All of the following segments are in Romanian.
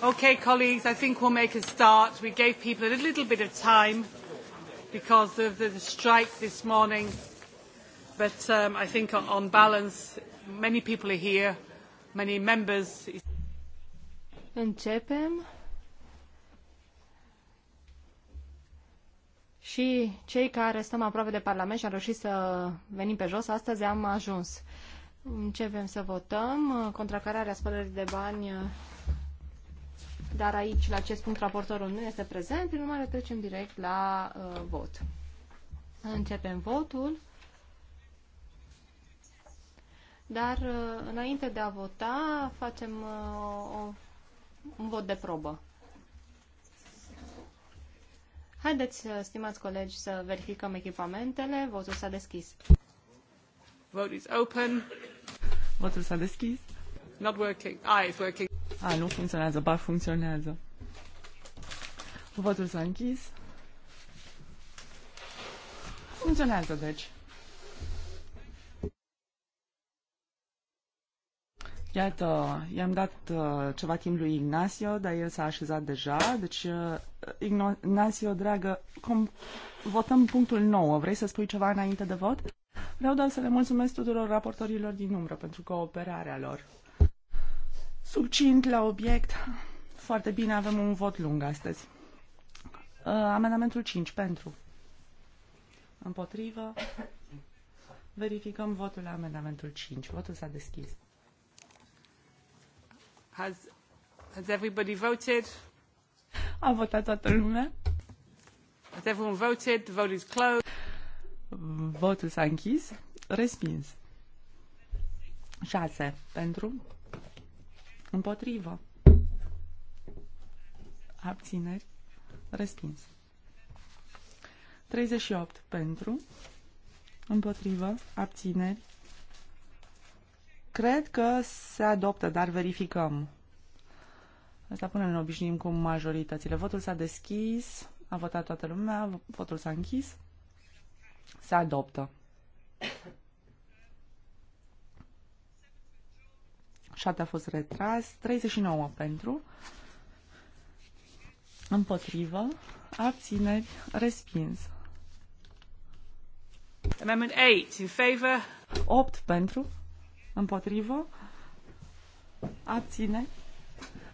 Okay, colleagues, I think we'll make a start. We gave people a little bit of time because of the, strike this morning, but um, I think on, on balance, many people are here, many members. Începem. Și cei care stăm aproape de Parlament și am reușit să venim pe jos, astăzi am ajuns. Începem să votăm contracararea spălării de bani dar aici, la acest punct, raportorul nu este prezent, prin urmare trecem direct la uh, vot. Începem votul. Dar uh, înainte de a vota, facem uh, o, un vot de probă. Haideți, uh, stimați colegi, să verificăm echipamentele. Votul s-a deschis. Vote is open. Votul s-a deschis. Not working. Ah, it's working. A, nu funcționează, ba funcționează. Votul s-a închis. Funcționează, deci. Iată, i-am dat uh, ceva timp lui Ignacio, dar el s-a așezat deja. Deci, uh, Ignacio, dragă, cum votăm punctul 9. Vrei să spui ceva înainte de vot? Vreau doar să le mulțumesc tuturor raportorilor din umbră pentru cooperarea lor. Subcint la obiect. Foarte bine, avem un vot lung astăzi. Uh, amendamentul 5 pentru. Împotrivă. Verificăm votul la amendamentul 5. Votul s-a deschis. Has, has everybody voted? A votat toată lumea. Has everyone voted? The vote is closed. Votul s-a închis. Respins. 6 pentru. Împotrivă. Abțineri. Respins. 38 pentru. Împotrivă. Abțineri. Cred că se adoptă, dar verificăm. Asta până ne obișnim cu majoritățile. Votul s-a deschis, a votat toată lumea, votul s-a închis, se adoptă. 7 a fost retras, 39 pentru, împotrivă, abțineri, respins. Amendment 8, in favor. 8 pentru, împotrivă, abține.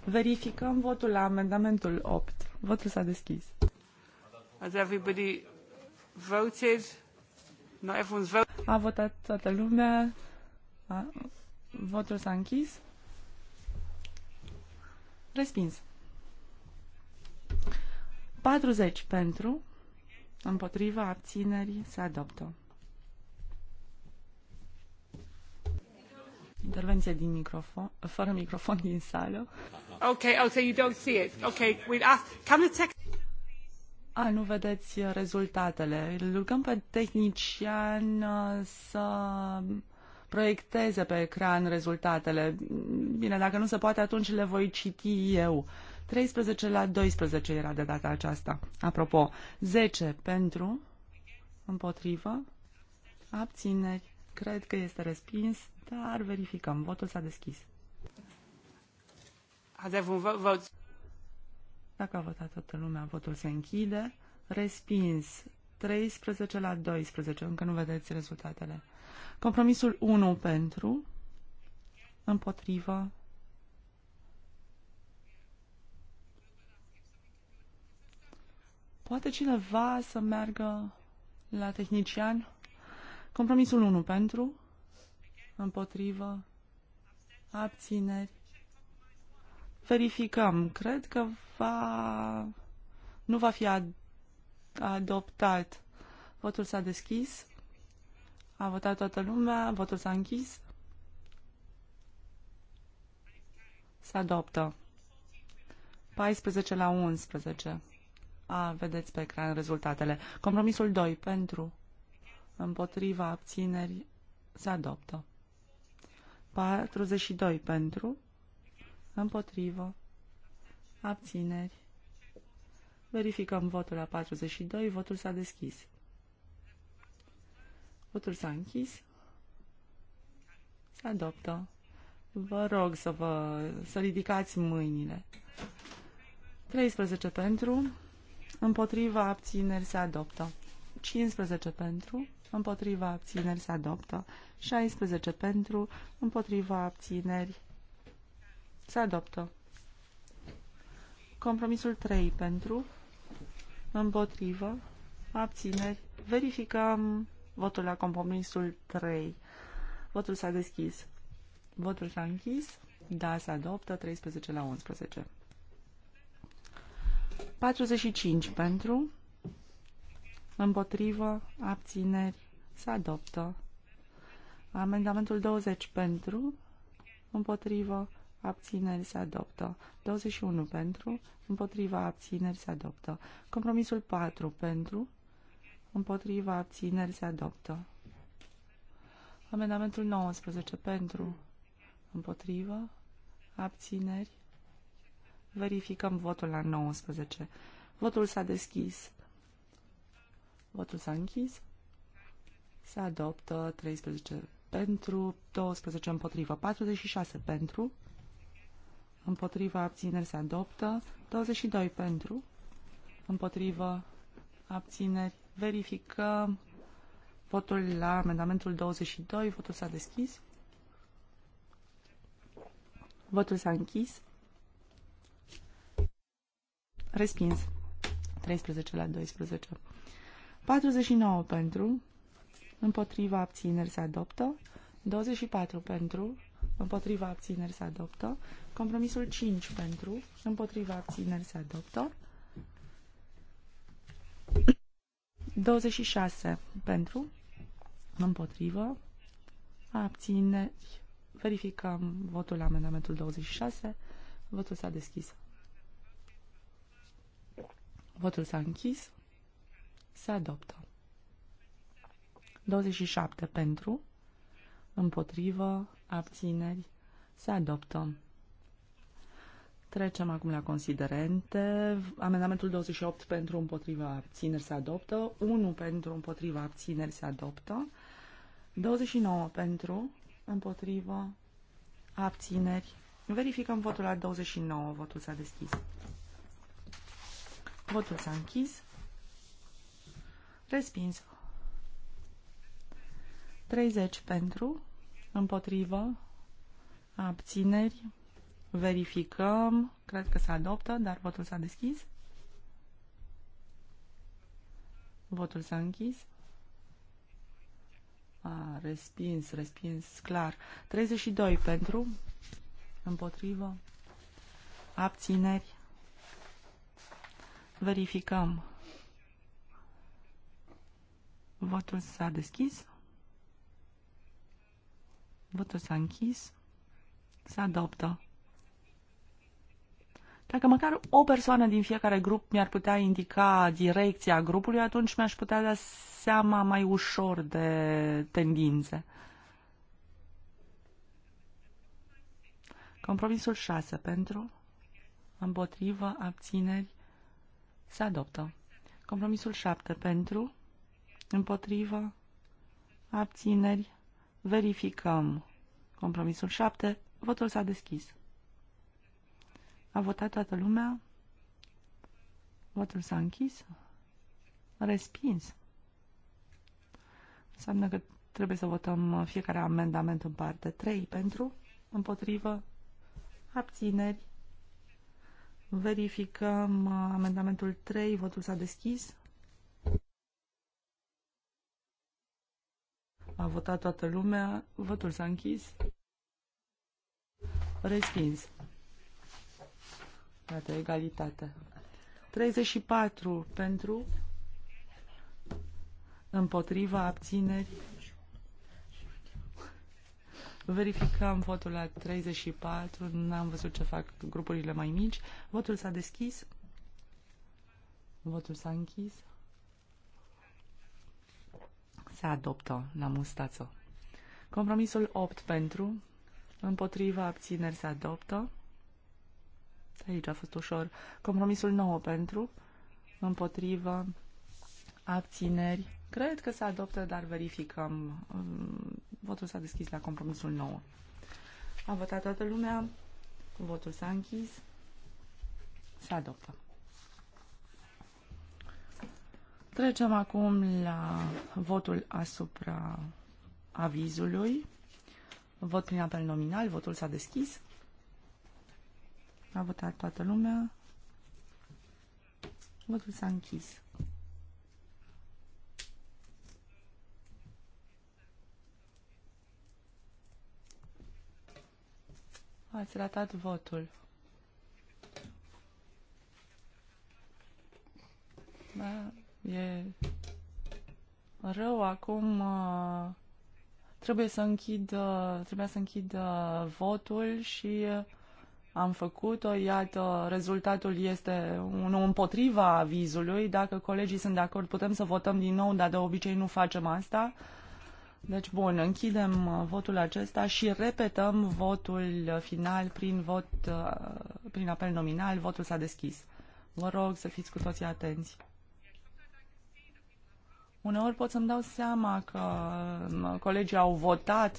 Verificăm votul la amendamentul 8. Votul s-a deschis. Has everybody voted? Not everyone's voted. A votat toată lumea. A, Votul s-a închis. Respins. 40 pentru, împotriva abținerii, se adoptă. Intervenție din microfon, fără microfon din sală. Ok, oh, so you don't see it. Ok, we ask, can the tech... A, nu vedeți rezultatele. Îl rugăm pe tehnician uh, să proiecteze pe ecran rezultatele. Bine, dacă nu se poate, atunci le voi citi eu. 13 la 12 era de data aceasta. Apropo, 10 pentru, împotrivă, abțineri. Cred că este respins, dar verificăm. Votul s-a deschis. Dacă a votat toată lumea, votul se închide. Respins. 13 la 12. Încă nu vedeți rezultatele. Compromisul 1 pentru, împotrivă. Poate cineva să meargă la tehnician? Compromisul 1 pentru, împotrivă, abțineri. Verificăm. Cred că va... nu va fi ad adoptat. Votul s-a deschis. A votat toată lumea, votul s-a închis. Se adoptă. 14 la 11. A, vedeți pe ecran rezultatele. Compromisul 2 pentru împotriva abțineri se adoptă. 42 pentru împotrivă abțineri. Verificăm votul la 42, votul s-a deschis. Votul s-a închis. Se adoptă. Vă rog să vă să ridicați mâinile. 13 pentru, împotriva abțineri se adoptă. 15 pentru, împotriva abțineri se adoptă. 16 pentru, împotriva abțineri se adoptă. Compromisul 3 pentru, împotrivă, abțineri. Verificăm Votul la compromisul 3. Votul s-a deschis. Votul s-a închis. Da, se adoptă 13 la 11. 45 pentru, împotrivă, abțineri, se adoptă. Amendamentul 20 pentru, împotrivă, abțineri, se adoptă. 21 pentru, împotriva, abțineri, se adoptă. Compromisul 4 pentru, împotriva, abțineri se adoptă. Amendamentul 19 pentru, împotriva, abțineri. Verificăm votul la 19. Votul s-a deschis. Votul s-a închis. Se adoptă 13 pentru, 12 împotriva, 46 pentru, împotriva abțineri se adoptă, 22 pentru, împotriva abțineri verificăm votul la amendamentul 22. Votul s-a deschis. Votul s-a închis. Respins. 13 la 12. 49 pentru. Împotriva abțineri se adoptă. 24 pentru. Împotriva abțineri se adoptă. Compromisul 5 pentru. Împotriva abțineri se adoptă. 26 pentru, împotrivă, abține, verificăm votul la amendamentul 26, votul s-a deschis. Votul s-a închis, se adoptă. 27 pentru, împotrivă, abțineri, se adoptă. Trecem acum la considerente. Amendamentul 28 pentru împotriva abțineri se adoptă. 1 pentru împotriva abțineri se adoptă. 29 pentru împotriva abțineri. Verificăm votul la 29. Votul s-a deschis. Votul s-a închis. Respins. 30 pentru împotriva abțineri. Verificăm. Cred că se adoptă, dar votul s-a deschis. Votul s-a închis. A, respins, respins, clar. 32 pentru, împotrivă, abțineri. Verificăm. Votul s-a deschis. Votul s-a închis. Se adoptă. Dacă măcar o persoană din fiecare grup mi-ar putea indica direcția grupului, atunci mi-aș putea da seama mai ușor de tendințe. Compromisul 6 pentru, împotrivă, abțineri, se adoptă. Compromisul 7 pentru, împotrivă, abțineri, verificăm. Compromisul 7, votul s-a deschis. A votat toată lumea. Votul s-a închis. Respins. Înseamnă că trebuie să votăm fiecare amendament în parte. 3 pentru, împotrivă, abțineri. Verificăm uh, amendamentul 3, votul s-a deschis. A votat toată lumea, votul s-a închis. Respins. Iată, egalitate. 34 pentru, împotriva, abțineri. Verificăm votul la 34, n-am văzut ce fac grupurile mai mici. Votul s-a deschis. Votul s-a închis. Se adoptă la mustață. Compromisul 8 pentru, împotriva abțineri se adoptă. Aici a fost ușor. Compromisul nou pentru, împotrivă, abțineri. Cred că se adoptă, dar verificăm. Mm, votul s-a deschis la compromisul nou, A votat toată lumea, votul s-a închis, se adoptă. Trecem acum la votul asupra avizului. Vot prin apel nominal, votul s-a deschis. A votat toată lumea. Votul s-a închis. Ați ratat votul. Da, e rău acum. Uh, trebuie să închid, uh, trebuia să închid uh, votul și uh, am făcut-o, iată, rezultatul este unul împotriva avizului. Dacă colegii sunt de acord, putem să votăm din nou, dar de obicei nu facem asta. Deci, bun, închidem uh, votul acesta și repetăm votul final prin vot, uh, prin apel nominal. Votul s-a deschis. Vă rog să fiți cu toții atenți. Uneori pot să-mi dau seama că colegii au votat,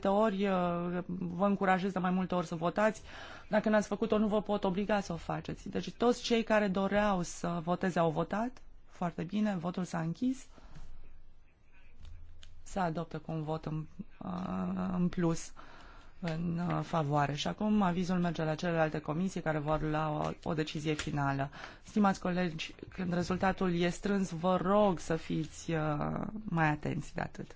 da, ori uh, vă încurajez de mai multe ori să votați. Dacă n-ați făcut-o, nu vă pot obliga să o faceți. Deci toți cei care doreau să voteze au votat. Foarte bine, votul s-a închis. Se adoptă cu un vot în, uh, în plus în uh, favoare. Și acum avizul merge la celelalte comisii care vor lua o, o decizie finală. Stimați colegi, când rezultatul e strâns, vă rog să fiți uh, mai atenți de atât.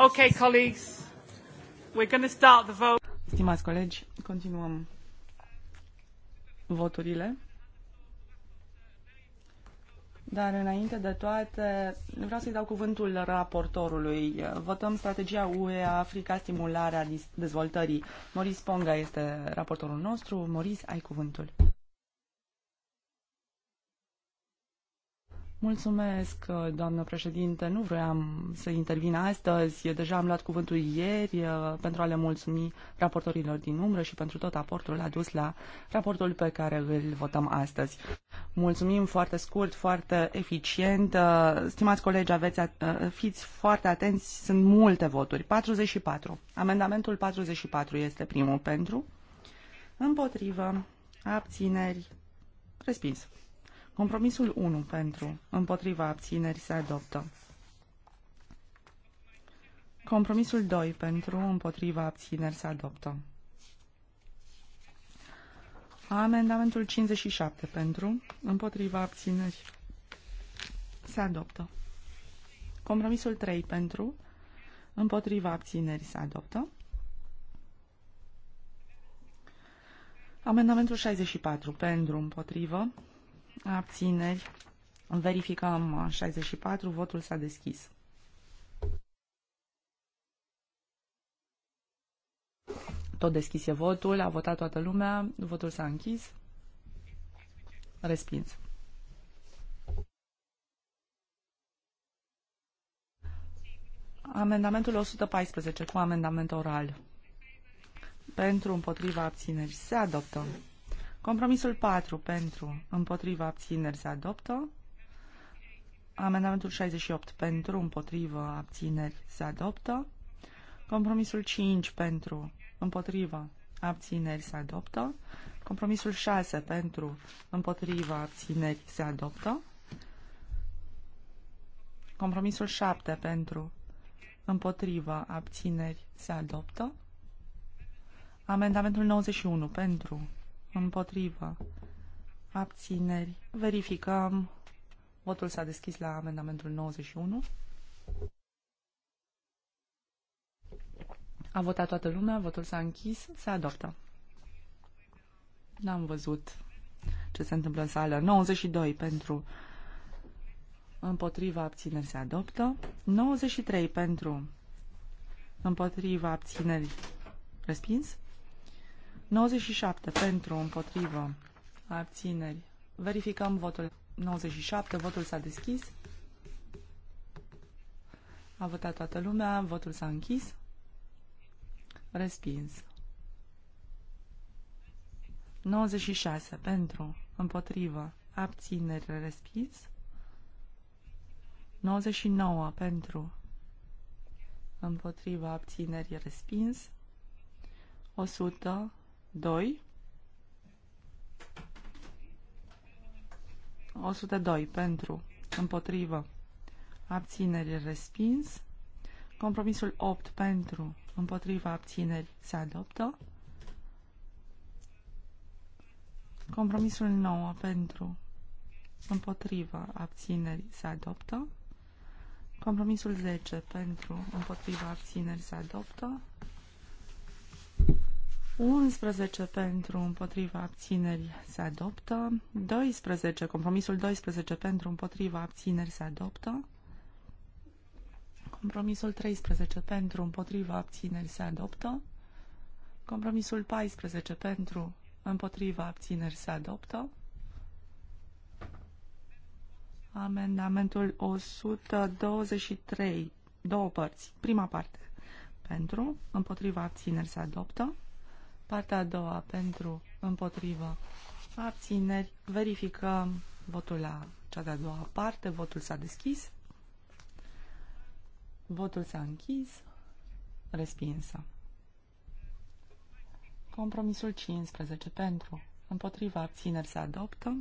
Okay, colleagues, we're going to start the vote. Stimați colegi, continuăm voturile. Dar înainte de toate, vreau să-i dau cuvântul raportorului. Votăm strategia UE Africa, stimularea dezvoltării. Moris Ponga este raportorul nostru. Moris, ai cuvântul. Mulțumesc, uh, doamnă președinte. Nu vreau să intervin astăzi. Deja am luat cuvântul ieri uh, pentru a le mulțumi raportorilor din umbră și pentru tot aportul adus la raportul pe care îl votăm astăzi. Mulțumim foarte scurt, foarte eficient. Uh, stimați colegi, aveți, fiți foarte atenți, sunt multe voturi. 44. Amendamentul 44 este primul pentru. Împotrivă. Abțineri. Respins. Compromisul 1 pentru, împotriva abțineri se adoptă. Compromisul 2 pentru, împotriva abțineri se adoptă. Amendamentul 57 pentru, împotriva abțineri se adoptă. Compromisul 3 pentru, împotriva abțineri se adoptă. Amendamentul 64 pentru, împotrivă, abțineri. Verificăm 64, uh, votul s-a deschis. Tot deschis e votul, a votat toată lumea, votul s-a închis. Respins. Amendamentul 114 cu amendament oral. Pentru împotriva abțineri se adoptă. Compromisul 4 pentru, împotriva abțineri se adoptă. Amendamentul 68 pentru, împotriva abțineri se adoptă. Compromisul 5 pentru, împotriva abțineri se adoptă. Compromisul 6 pentru, împotriva abțineri se adoptă. Compromisul 7 pentru, împotriva abțineri se adoptă. Amendamentul 91 pentru, Împotrivă. Abțineri. Verificăm. Votul s-a deschis la amendamentul 91. A votat toată lumea, votul s-a închis, se adoptă. N-am văzut ce se întâmplă în sală. 92 pentru împotriva abțineri se adoptă. 93 pentru împotriva abțineri respins. 97 pentru, împotrivă, abțineri. Verificăm votul 97, votul s-a deschis. A votat toată lumea, votul s-a închis. Respins. 96 pentru, împotrivă, abțineri, respins. 99 pentru, împotrivă, abțineri, respins, 100 2. 102 pentru, împotrivă, abțineri respins. Compromisul 8 pentru, împotrivă abțineri se adoptă. Compromisul 9 pentru, împotrivă abțineri se adoptă. Compromisul 10 pentru, împotrivă abțineri se adoptă. 11 pentru împotriva abțineri se adoptă. 12, compromisul 12 pentru împotriva abțineri se adoptă. Compromisul 13 pentru împotriva abțineri se adoptă. Compromisul 14 pentru împotriva abțineri se adoptă. Amendamentul 123, două părți. Prima parte pentru, împotriva abțineri se adoptă. Partea a doua pentru împotrivă abțineri. Verificăm votul la cea de-a doua parte. Votul s-a deschis. Votul s-a închis. Respinsă. Compromisul 15 pentru. Împotriva abțineri se adoptă.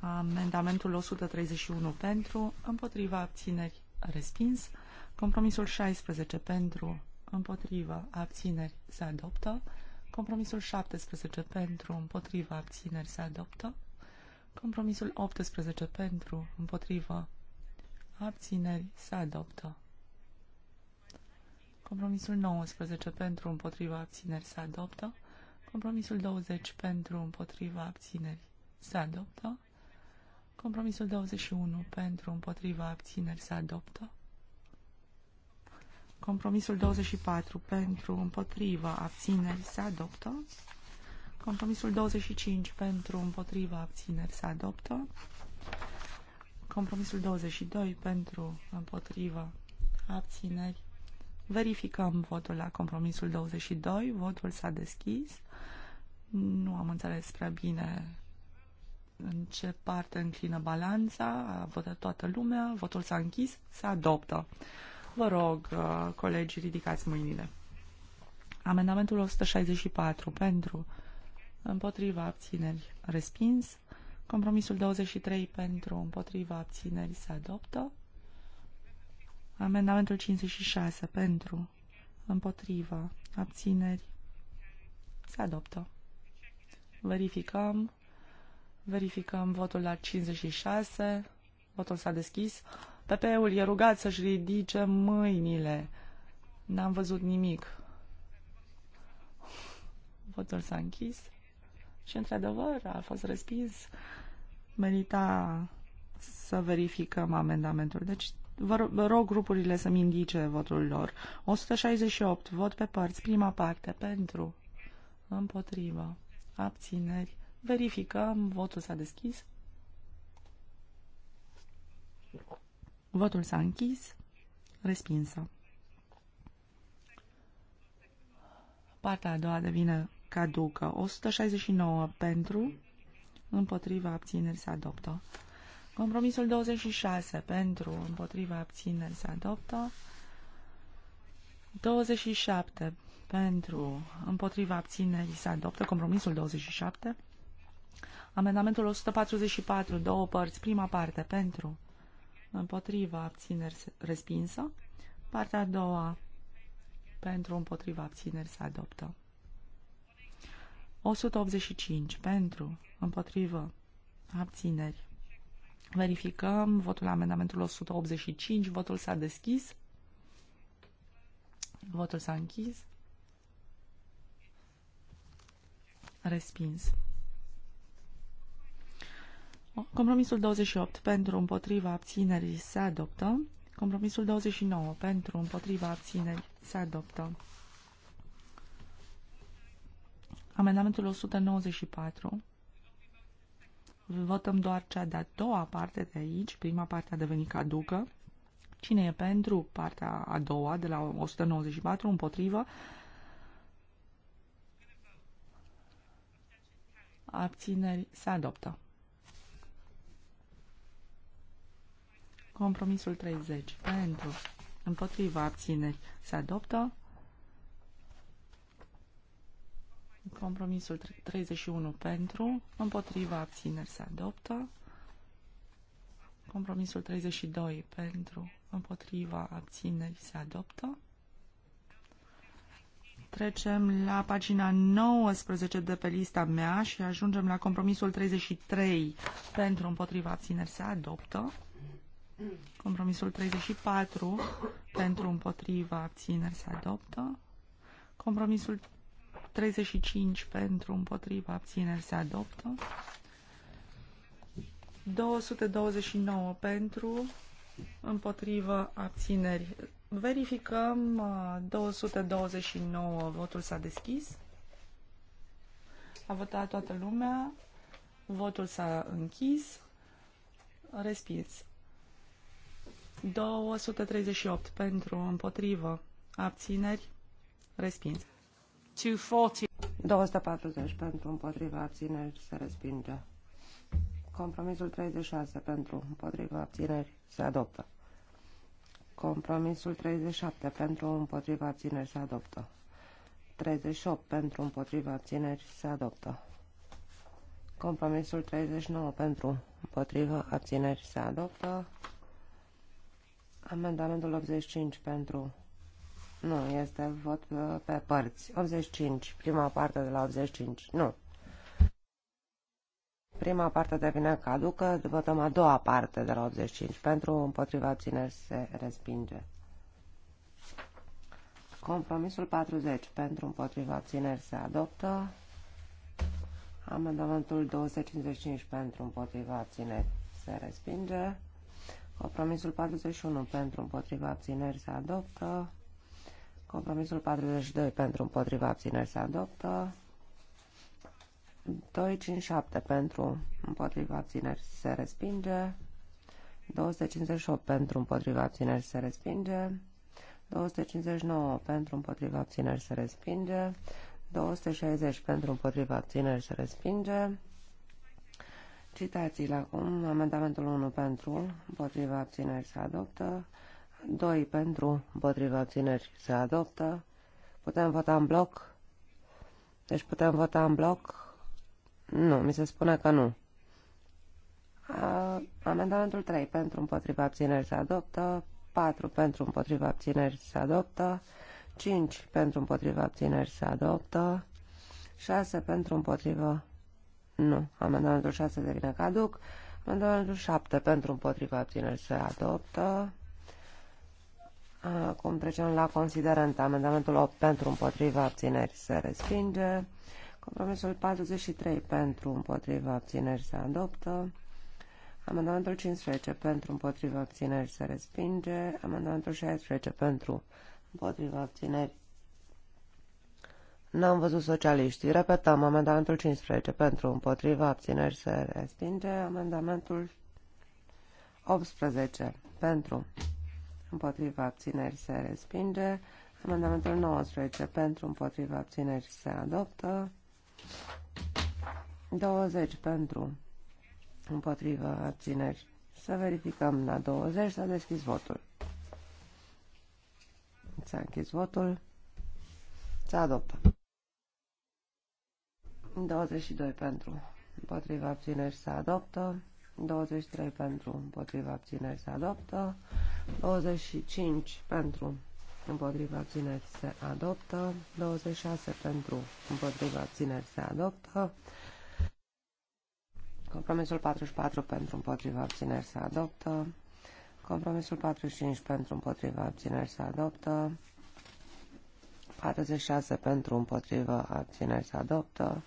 Amendamentul 131 pentru. Împotriva abțineri respins. Compromisul 16 pentru împotrivă, abțineri, se adoptă. Compromisul 17 pentru, împotrivă, abțineri, se adoptă. Compromisul 18 pentru, împotrivă, abțineri, se adoptă. Compromisul 19 pentru, împotriva, abțineri, se adoptă. Compromisul 20 pentru, împotriva, abțineri, se adoptă. Compromisul 21 pentru, împotriva, abțineri, se adoptă. Compromisul 24 pentru, împotriva abțineri se adoptă. Compromisul 25 pentru, împotriva abțineri se adoptă. Compromisul 22 pentru, împotriva abțineri. Verificăm votul la compromisul 22. Votul s-a deschis. Nu am înțeles prea bine în ce parte înclină balanța. A votat toată lumea. Votul s-a închis. Se adoptă. Vă rog, uh, colegi, ridicați mâinile. Amendamentul 164 pentru, împotriva abțineri, respins. Compromisul 23 pentru, împotriva abțineri, se adoptă. Amendamentul 56 pentru, împotriva abțineri, se adoptă. Verificăm. Verificăm votul la 56. Votul s-a deschis pp e rugat să-și ridice mâinile. N-am văzut nimic. Votul s-a închis și, într-adevăr, a fost respins. Merita să verificăm amendamentul. Deci, vă rog grupurile să-mi indice votul lor. 168, vot pe părți, prima parte, pentru, împotrivă, abțineri. Verificăm, votul s-a deschis. Votul s-a închis. Respinsă. Partea a doua devine caducă. 169 pentru, împotriva abțineri se adoptă. Compromisul 26 pentru, împotriva abțineri se adoptă. 27 pentru, împotriva abțineri se adoptă. Compromisul 27. Amendamentul 144, două părți, prima parte pentru, împotriva abțineri respinsă. Partea a doua pentru împotriva abțineri se adoptă. 185 pentru împotrivă abțineri. Verificăm votul amendamentul 185, votul s-a deschis, votul s-a închis, respins. Compromisul 28 pentru împotriva abținerii se adoptă. Compromisul 29 pentru împotriva abținerii se adoptă. Amendamentul 194. Votăm doar cea de-a doua parte de aici. Prima parte a devenit caducă. Cine e pentru partea a doua de la 194 împotrivă? Abțineri se adoptă. Compromisul 30. Pentru. Împotriva abțineri. Se adoptă. Compromisul 31 pentru. Împotriva abțineri. Se adoptă. Compromisul 32 pentru. Împotriva abțineri. Se adoptă. Trecem la pagina 19 de pe lista mea și ajungem la compromisul 33 pentru împotriva abțineri se adoptă. Compromisul 34 pentru împotriva abțineri se adoptă. Compromisul 35 pentru împotriva abțineri se adoptă. 229 pentru împotriva abțineri. Verificăm 229. Uh, Votul s-a deschis. A votat toată lumea. Votul s-a închis. Respins. 238 pentru, împotrivă, abțineri, respins. 240. 240 pentru, împotrivă, abțineri, se respinge. Compromisul 36 pentru, împotrivă, abțineri, se adoptă. Compromisul 37 pentru, împotrivă, abțineri, se adoptă. 38 pentru, împotrivă, abțineri, se adoptă. Compromisul 39 pentru, împotrivă, abțineri, se adoptă. Amendamentul 85 pentru... Nu, este vot uh, pe părți. 85, prima parte de la 85. Nu. Prima parte devine caducă, votăm a doua parte de la 85. Pentru împotriva abțineri se respinge. Compromisul 40. Pentru împotriva abțineri se adoptă. Amendamentul 255 pentru împotriva abțineri se respinge. Compromisul 41 pentru împotriva abțineri se adoptă. Compromisul 42 pentru împotriva abțineri se adoptă. 257 pentru împotriva abțineri se respinge. 258 pentru împotriva abțineri se respinge. 259 pentru împotriva abțineri se respinge. 260 pentru împotriva abțineri se respinge. Citațiile acum. Amendamentul 1 pentru, împotriva abțineri se adoptă. 2 pentru, împotriva abțineri se adoptă. Putem vota în bloc? Deci putem vota în bloc? Nu, mi se spune că nu. A, amendamentul 3 pentru, împotriva abțineri se adoptă. 4 pentru, împotriva abțineri se adoptă. 5 pentru, împotriva abțineri se adoptă. 6 pentru, împotriva nu. Amendamentul 6 devine caduc. Amendamentul 7 pentru împotriva abțineri se adoptă. Acum trecem la considerent. Amendamentul 8 pentru împotriva abțineri se respinge. Compromisul 43 pentru împotriva abțineri se adoptă. Amendamentul 15 pentru împotriva abțineri se respinge. Amendamentul 16 pentru împotriva abțineri N-am văzut socialiștii. Repetăm, amendamentul 15 pentru, împotriva, abțineri se respinge. Amendamentul 18 pentru, împotriva, abțineri se respinge. Amendamentul 19 pentru, împotriva, abțineri se adoptă. 20 pentru, împotriva, abțineri. Să verificăm la 20, s-a deschis votul. S-a închis votul. S-a adoptat. 22 pentru, împotriva abțineri se adoptă. 23 pentru, împotriva abțineri se adoptă. 25 pentru, împotriva abțineri se adoptă. 26 pentru, împotriva abțineri se adoptă. Compromisul 44 pentru împotriva abțineri se adoptă. Compromisul 45 pentru împotriva abțineri se adoptă. 46 pentru împotriva abțineri se adoptă.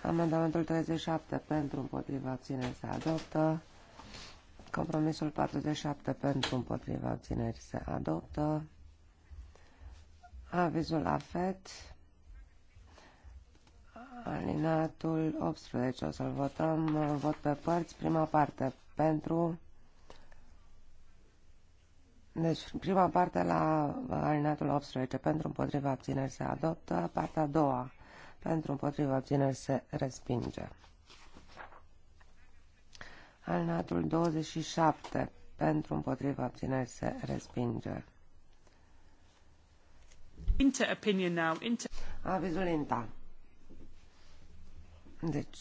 Amendamentul 37 pentru împotriva abțineri se adoptă. Compromisul 47 pentru împotriva abțineri se adoptă. Avizul AFET. Alinatul 18. O să-l votăm. Vot pe părți. Prima parte pentru... Deci, prima parte la alinatul 18 pentru împotriva abțineri se adoptă. Partea a doua pentru împotriva abțineri se respinge. Alnatul 27 pentru împotriva abțineri se respinge. Inter opinion now. Inter Avizul INTA. Deci,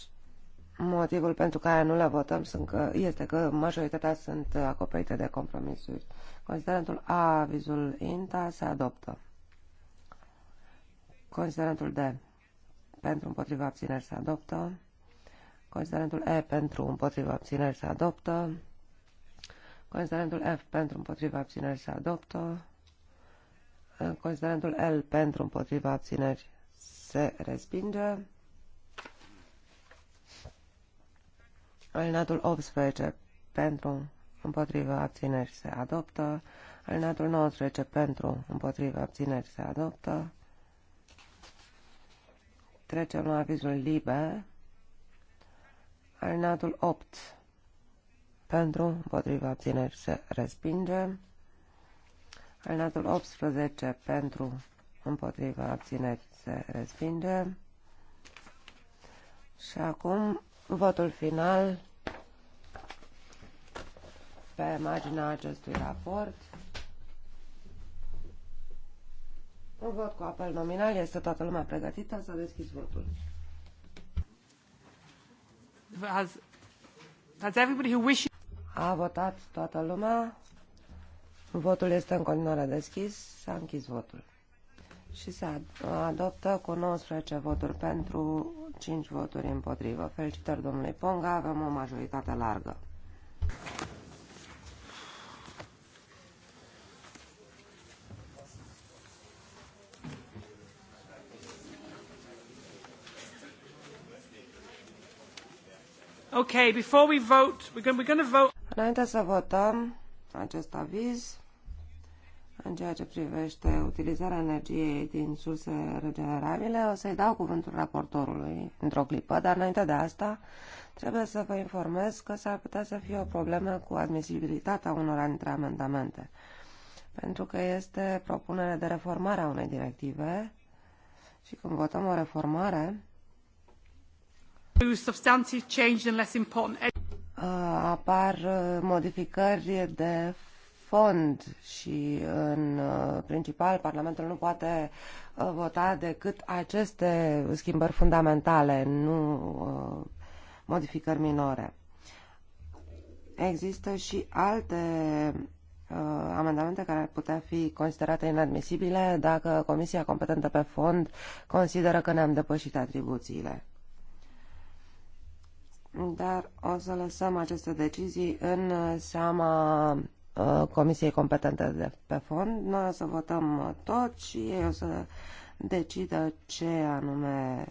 motivul pentru care nu le votăm sunt că, este că majoritatea sunt acoperite de compromisuri. Considerentul A, avizul INTA, se adoptă. Considerentul D, pentru împotriva abțineri se adoptă. Considerentul E pentru împotriva abțineri se adoptă. Considerentul F pentru împotriva abțineri se adoptă. Considerentul L pentru împotriva abțineri se respinge. Alinatul 18 pentru împotriva abțineri se adoptă. Alinatul 19 pentru împotriva abțineri se adoptă. Trecem la avizul liber. Alinatul 8. Pentru, împotriva abțineri se respinge. Alinatul 18. Pentru, împotriva abțineri se respinge. Și acum votul final pe marginea acestui raport. Un vot cu apel nominal. Este toată lumea pregătită. S-a deschis votul. Has, has everybody who wishes... A votat toată lumea. Votul este în continuare deschis. S-a închis votul. Și se adoptă cu 19 voturi pentru, 5 voturi împotrivă. Felicitări domnului Ponga, avem o majoritate largă. Okay, before we vote, we're going, we're going to vote. Înainte să votăm acest aviz în ceea ce privește utilizarea energiei din surse regenerabile, o să-i dau cuvântul raportorului într-o clipă, dar înainte de asta trebuie să vă informez că s-ar putea să fie o problemă cu admisibilitatea unora dintre amendamente, pentru că este propunere de reformare a unei directive și când votăm o reformare, Apar uh, modificări de fond și în uh, principal Parlamentul nu poate uh, vota decât aceste schimbări fundamentale, nu modificări minore. Există și alte amendamente care ar putea fi considerate inadmisibile dacă Comisia competentă pe fond consideră că ne-am depășit atribuțiile dar o să lăsăm aceste decizii în seama ă, Comisiei competente de pe fond. Noi o să votăm tot și ei o să decidă ce anume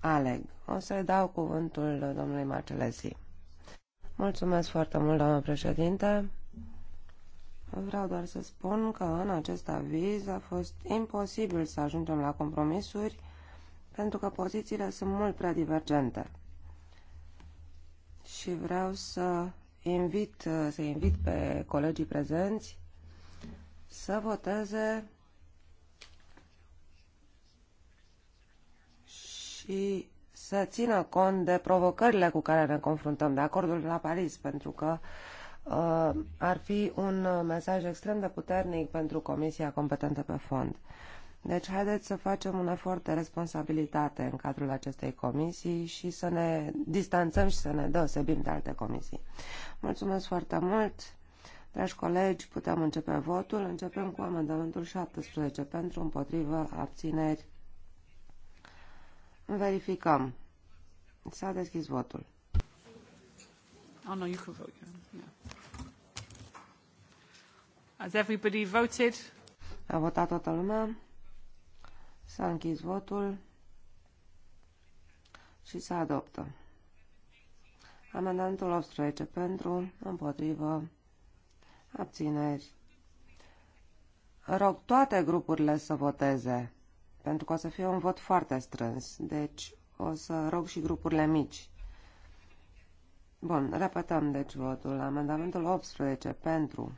aleg. O să-i dau cuvântul domnului Marcelesi. Mulțumesc foarte mult, doamnă președinte. Vreau doar să spun că în acest aviz a fost imposibil să ajungem la compromisuri pentru că pozițiile sunt mult prea divergente. Și vreau să invit, să invit pe colegii prezenți să voteze și să țină cont de provocările cu care ne confruntăm, de acordul la Paris, pentru că uh, ar fi un mesaj extrem de puternic pentru Comisia competentă pe fond. Deci haideți să facem un efort de responsabilitate în cadrul acestei comisii și să ne distanțăm și să ne deosebim de alte comisii. Mulțumesc foarte mult! Dragi colegi, putem începe votul. Începem cu amendamentul 17 pentru împotrivă abțineri. Verificăm. S-a deschis votul. Oh, no, you can vote. Yeah. Has everybody voted? A votat toată lumea. S-a închis votul și se adoptă. Amendamentul 18 pentru, împotrivă, abțineri. Rog toate grupurile să voteze, pentru că o să fie un vot foarte strâns, deci o să rog și grupurile mici. Bun, repetăm deci votul. Amendamentul 18 pentru,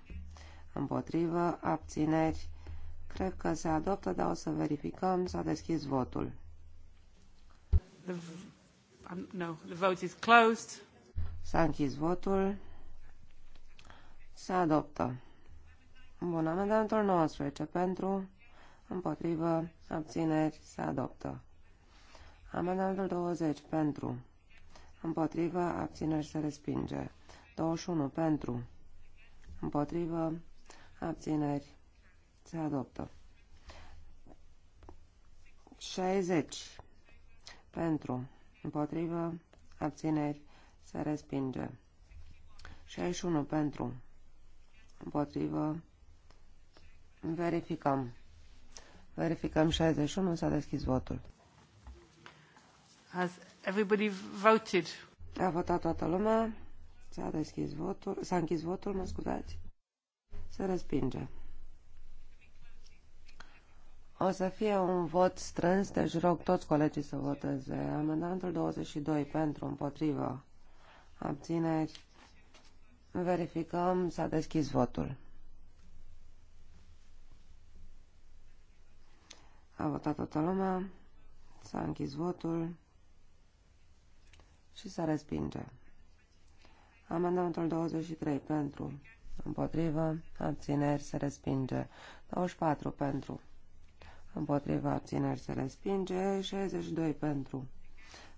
împotrivă, abțineri, Cred că se adoptă, dar o să verificăm. S-a deschis votul. The, um, no, the vote is closed. S-a închis votul. Se adoptă. Bun, amendamentul 19 pentru, împotrivă, abțineri, se adoptă. Amendamentul 20 pentru, împotrivă, abțineri, se respinge. 21 pentru, împotrivă, abțineri, se adoptă. 60. Pentru. Împotrivă. Abțineri. Se respinge. 61. Pentru. Împotrivă. Verificăm. Verificăm 61. S-a deschis votul. Has everybody voted? A votat toată lumea. S-a deschis votul. S-a închis votul, mă scuzați. Se respinge. O să fie un vot strâns, deci rog toți colegii să voteze. Amendamentul 22 pentru, împotrivă, abțineri. Verificăm, s-a deschis votul. A votat toată lumea, s-a închis votul și s-a respinge. Amendamentul 23 pentru, împotrivă, abțineri, se respinge. 24 pentru, împotriva abțineri se respinge, 62 pentru,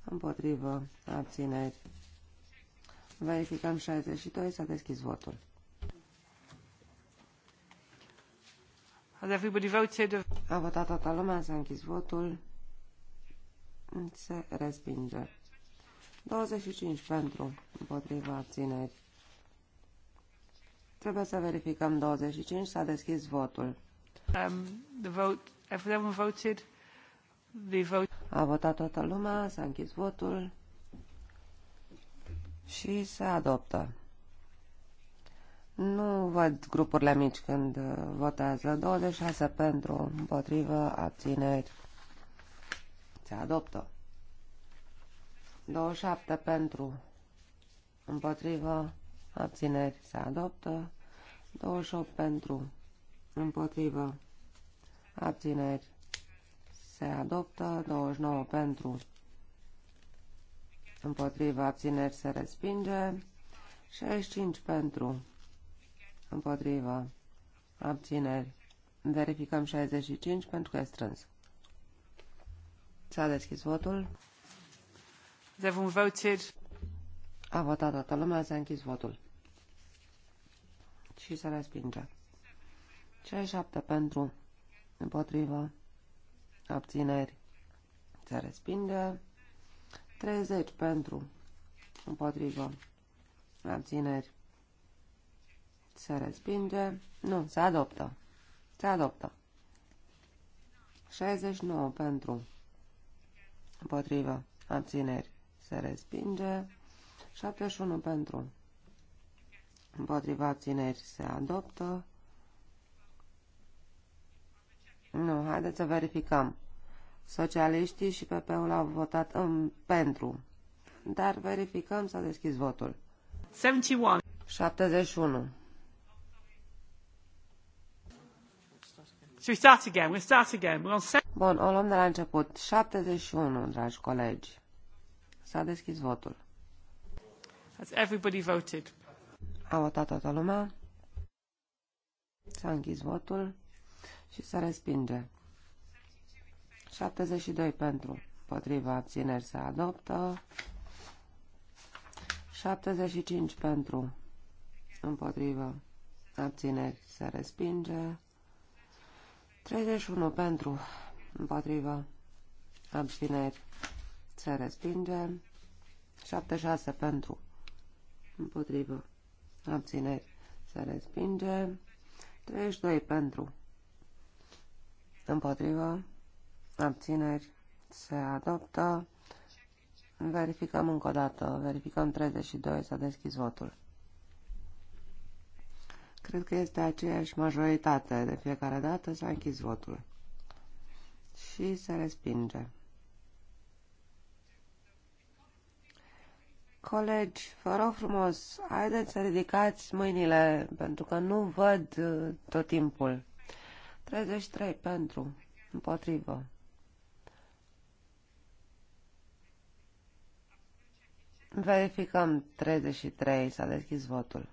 împotriva abțineri. Verificăm 62, s-a deschis votul. A votat toată lumea, s-a închis votul, se respinge. 25 pentru, împotriva abțineri. Trebuie să verificăm 25, s-a deschis votul. Um, the vote Everyone voted. The vote. A votat toată lumea, s-a închis votul și se adoptă. Nu văd grupurile mici când uh, votează 26 pentru, împotrivă, abțineri. Se adoptă. 27 pentru, împotrivă, abțineri. Se adoptă. 28 pentru, împotrivă, abțineri, se adoptă, 29 pentru, împotriva, abțineri, se respinge, 65 pentru, împotriva, abțineri, verificăm 65 pentru că e strâns. S-a deschis votul. Everyone voted. A votat toată lumea, s-a închis votul. Și se respinge. 67 pentru Împotrivă. Abțineri. Se respinge. 30 pentru. Împotrivă. Abțineri. Se respinge. Nu, se adoptă. Se adoptă. 69 pentru. Împotrivă. Abțineri. Se respinge. 71 pentru. Împotriva abțineri se adoptă. Nu, haideți să verificăm. Socialiștii și PP-ul au votat în, pentru. Dar verificăm să deschis votul. 71. 71. So we start again, we start again. We're on... Bun, o luăm de la început. 71, dragi colegi. S-a deschis votul. Has everybody voted? A votat toată lumea. S-a închis votul și se respinge. 72 pentru, potriva abțineri se adoptă. 75 pentru, împotrivă abțineri se respinge. 31 pentru, împotrivă abțineri se respinge. 76 pentru, împotrivă abțineri se respinge. 32 pentru, Împotrivă. Abțineri. Se adoptă. Verificăm încă o dată. Verificăm 32. S-a deschis votul. Cred că este aceeași majoritate. De fiecare dată s-a închis votul. Și se respinge. Colegi, vă rog frumos, haideți să ridicați mâinile, pentru că nu văd uh, tot timpul. 33 pentru, împotrivă. Verificăm 33, s-a deschis votul.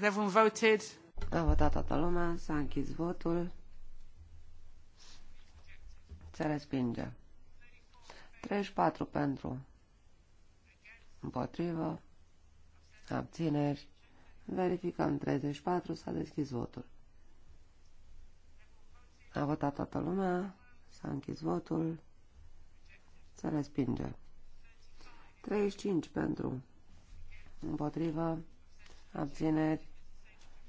Everyone voted. A votat toată lumea, s-a închis votul. Se respinge. 34 pentru. Împotrivă. Abțineri. Verificăm 34, s-a deschis votul. A votat toată lumea. S-a închis votul. Se respinge. 35 pentru. Împotrivă. Abțineri.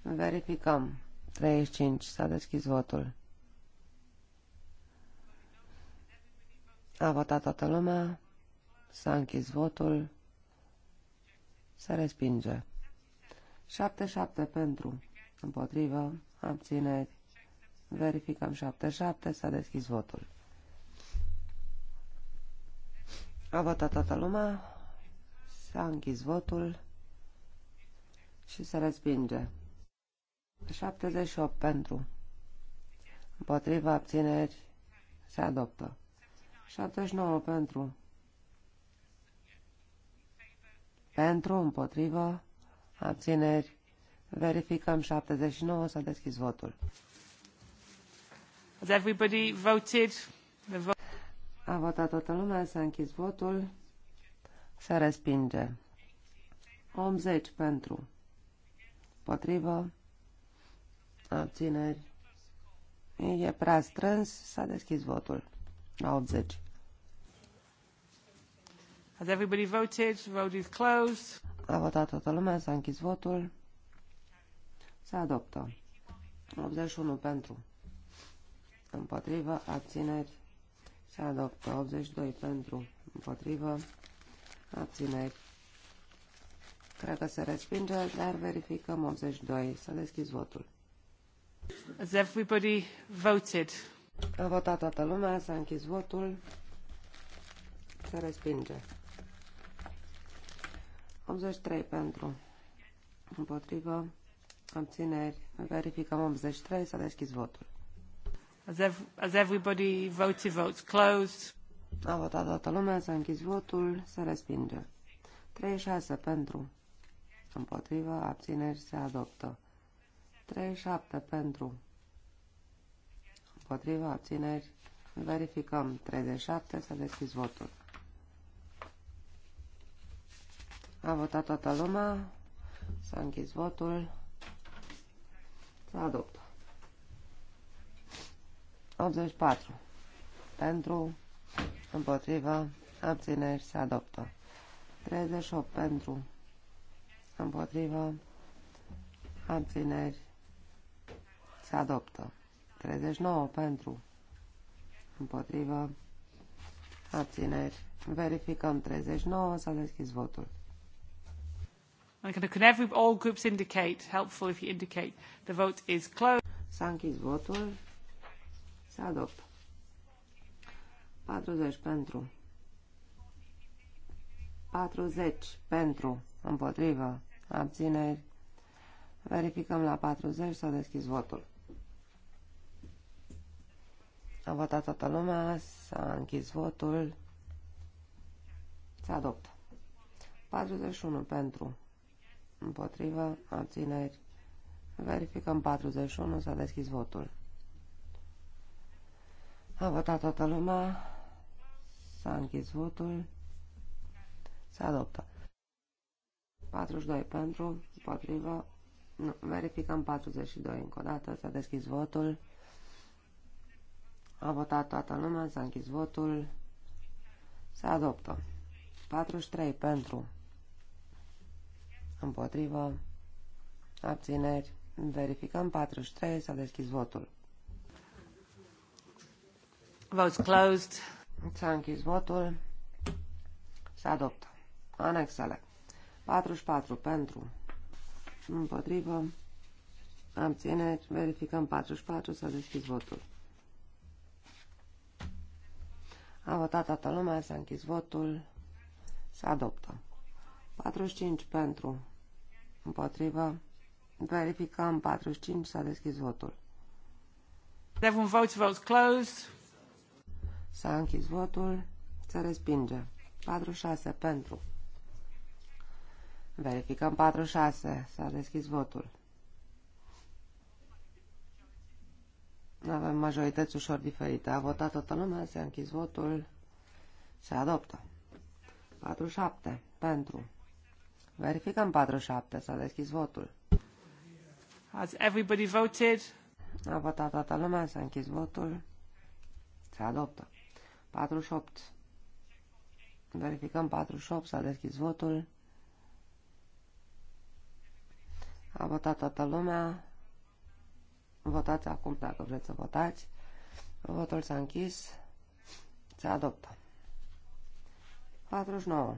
Verificăm. 35. S-a deschis votul. A votat toată lumea. S-a închis votul. Se respinge. 7-7 pentru. Împotrivă. Abțineri. Verificăm 77, s-a deschis votul. A votat toată lumea, s-a închis votul și se respinge. 78 pentru. Împotriva abțineri se adoptă. 79 pentru. Pentru, împotrivă, abțineri. Verificăm 79, s-a deschis votul. Has everybody voted? The vote... A votat toată lumea, s-a închis votul. Se respinge. 80 pentru. Potrivă. Abțineri. E prea strâns, s-a deschis votul. La 80. Has everybody voted? Vote is closed. A votat toată lumea, s-a închis votul. Se adoptă. 81 pentru împotrivă, abțineri, se adoptă. 82 pentru, împotrivă, abțineri. Cred că se respinge, dar verificăm 82. Să deschizi votul. Has everybody voted? A votat toată lumea, s-a închis votul, se respinge. 83 pentru, împotrivă, abțineri, verificăm 83, s-a deschis votul. Has, A votat toată lumea, s-a închis votul, se respinge. 36 pentru, împotrivă, abțineri, se adoptă. 37 pentru, împotrivă, abțineri, verificăm. 37, s-a deschis votul. A votat toată lumea, s-a închis votul, se adoptă. 84. Pentru, împotrivă, abțineri se adoptă. 38 pentru, împotrivă, abțineri se adoptă. 39 pentru, împotrivă, abțineri. Verificăm 39, s-a deschis votul. Can every, all groups indicate? Helpful if you indicate. The vote is closed. S-a închis votul. Se adoptă. 40 pentru. 40 pentru. Împotrivă. Abțineri. Verificăm la 40. S-a deschis votul. A votat toată lumea. S-a închis votul. Se adoptă. 41 pentru. Împotrivă. Abțineri. Verificăm 41. S-a deschis votul. A votat toată lumea. S-a închis votul. Se adoptă. 42 pentru, împotrivă. Nu, verificăm 42 încă o dată. S-a deschis votul. A votat toată lumea, s-a închis votul. Se adoptă. 43 pentru, împotrivă, abțineri. Verificăm 43, s-a deschis votul. Votes closed. S-a închis votul. Se adoptă. Anexele. 44 pentru. Împotrivă. Abține. Verificăm 44. S-a deschis votul. A votat toată lumea. S-a închis votul. Se adoptă. 45 pentru. Împotrivă. Verificăm 45. S-a deschis votul. Everyone votes, votes closed. S-a închis votul. Se respinge. 46 pentru. Verificăm 46. S-a deschis votul. Avem majorități ușor diferite. A votat toată lumea, s-a închis votul, se adoptă. 47. Pentru. Verificăm 47. S-a deschis votul. Has everybody voted? A votat toată lumea, s-a închis votul, se adoptă. 48. Verificăm 48, s-a deschis votul. A votat toată lumea. Votați acum dacă vreți să votați. Votul s-a închis. Se adoptă. 49.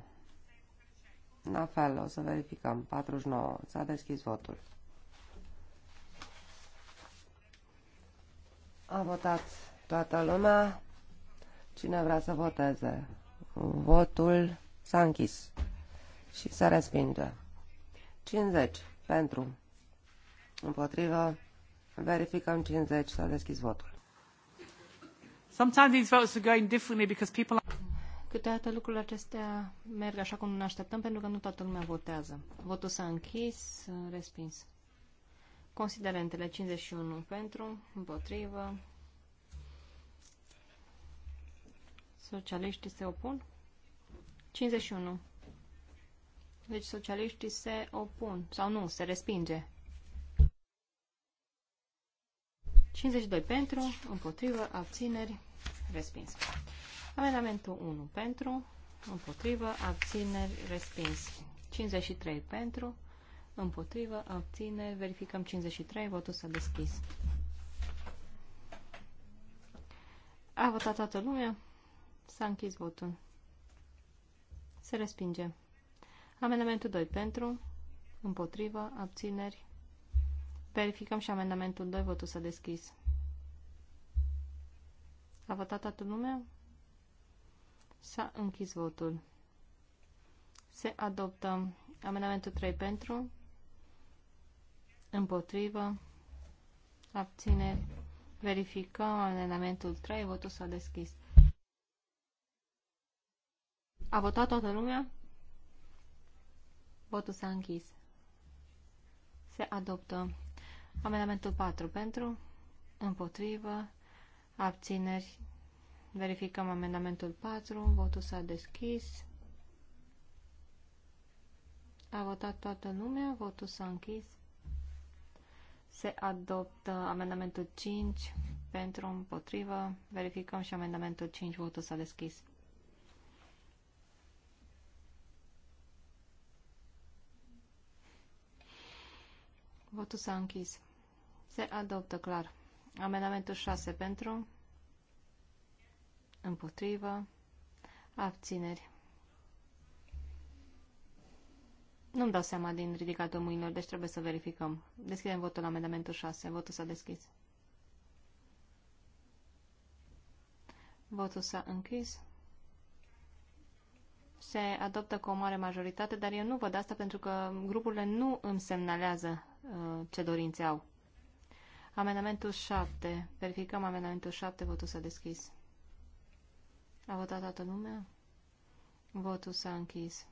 La fel, o să verificăm. 49. S-a deschis votul. A votat toată lumea. Cine vrea să voteze? Votul s-a închis și se respinge. 50 pentru. Împotrivă. Verificăm 50. S-a deschis votul. Sometimes these votes are going differently because people Câteodată lucrurile acestea merg așa cum ne așteptăm pentru că nu toată lumea votează. Votul s-a închis, respins. Considerentele 51 pentru, împotrivă, Socialiștii se opun? 51. Deci socialiștii se opun. Sau nu, se respinge. 52 pentru, împotrivă, abțineri, respins. Amendamentul 1 pentru, împotrivă, abțineri, respins. 53 pentru, împotrivă, abțineri, verificăm 53, votul s-a deschis. A votat toată lumea? S-a închis votul. Se respinge. Amendamentul 2 pentru, împotrivă, abțineri. Verificăm și amendamentul 2, votul s-a deschis. A votat toată lumea? S-a închis votul. Se adoptă amendamentul 3 pentru, împotrivă, abțineri. Verificăm amendamentul 3, votul s-a deschis. A votat toată lumea? Votul s-a închis. Se adoptă. Amendamentul 4 pentru, împotrivă, abțineri. Verificăm amendamentul 4, votul s-a deschis. A votat toată lumea, votul s-a închis. Se adoptă amendamentul 5 pentru, împotrivă. Verificăm și amendamentul 5, votul s-a deschis. Votul s-a închis. Se adoptă clar. Amendamentul 6 pentru. Împotrivă. Abțineri. Nu-mi dau seama din ridicatul mâinilor, deci trebuie să verificăm. Deschidem votul la amendamentul 6. Votul s-a deschis. Votul s-a închis. Se adoptă cu o mare majoritate, dar eu nu văd asta pentru că grupurile nu îmi semnalează Uh, ce dorințe au. Amendamentul 7. Verificăm amendamentul 7. Votul s-a deschis. A votat toată lumea? Votul s-a închis.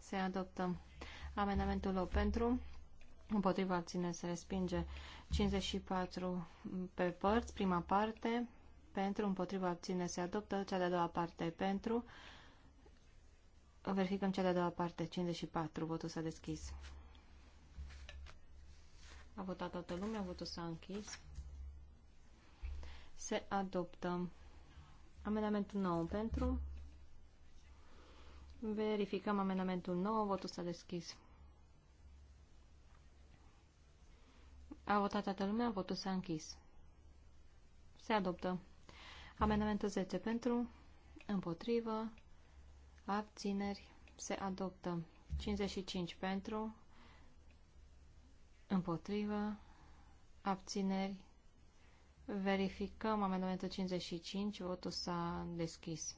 Se adoptă amendamentul 8 pentru. Împotriva abține se respinge 54 pe părți, prima parte, pentru, împotriva abține se adoptă, cea de-a doua parte pentru, verificăm cea de-a doua parte, 54, votul s-a deschis. A votat toată lumea, votul s-a închis. Se adoptă amendamentul 9 pentru. Verificăm amendamentul 9, votul s-a deschis. A votat toată lumea, votul s-a închis. Se adoptă. Amendamentul 10 pentru, împotrivă, abțineri, se adoptă. 55 pentru, împotrivă, abțineri. Verificăm amendamentul 55, votul s-a deschis.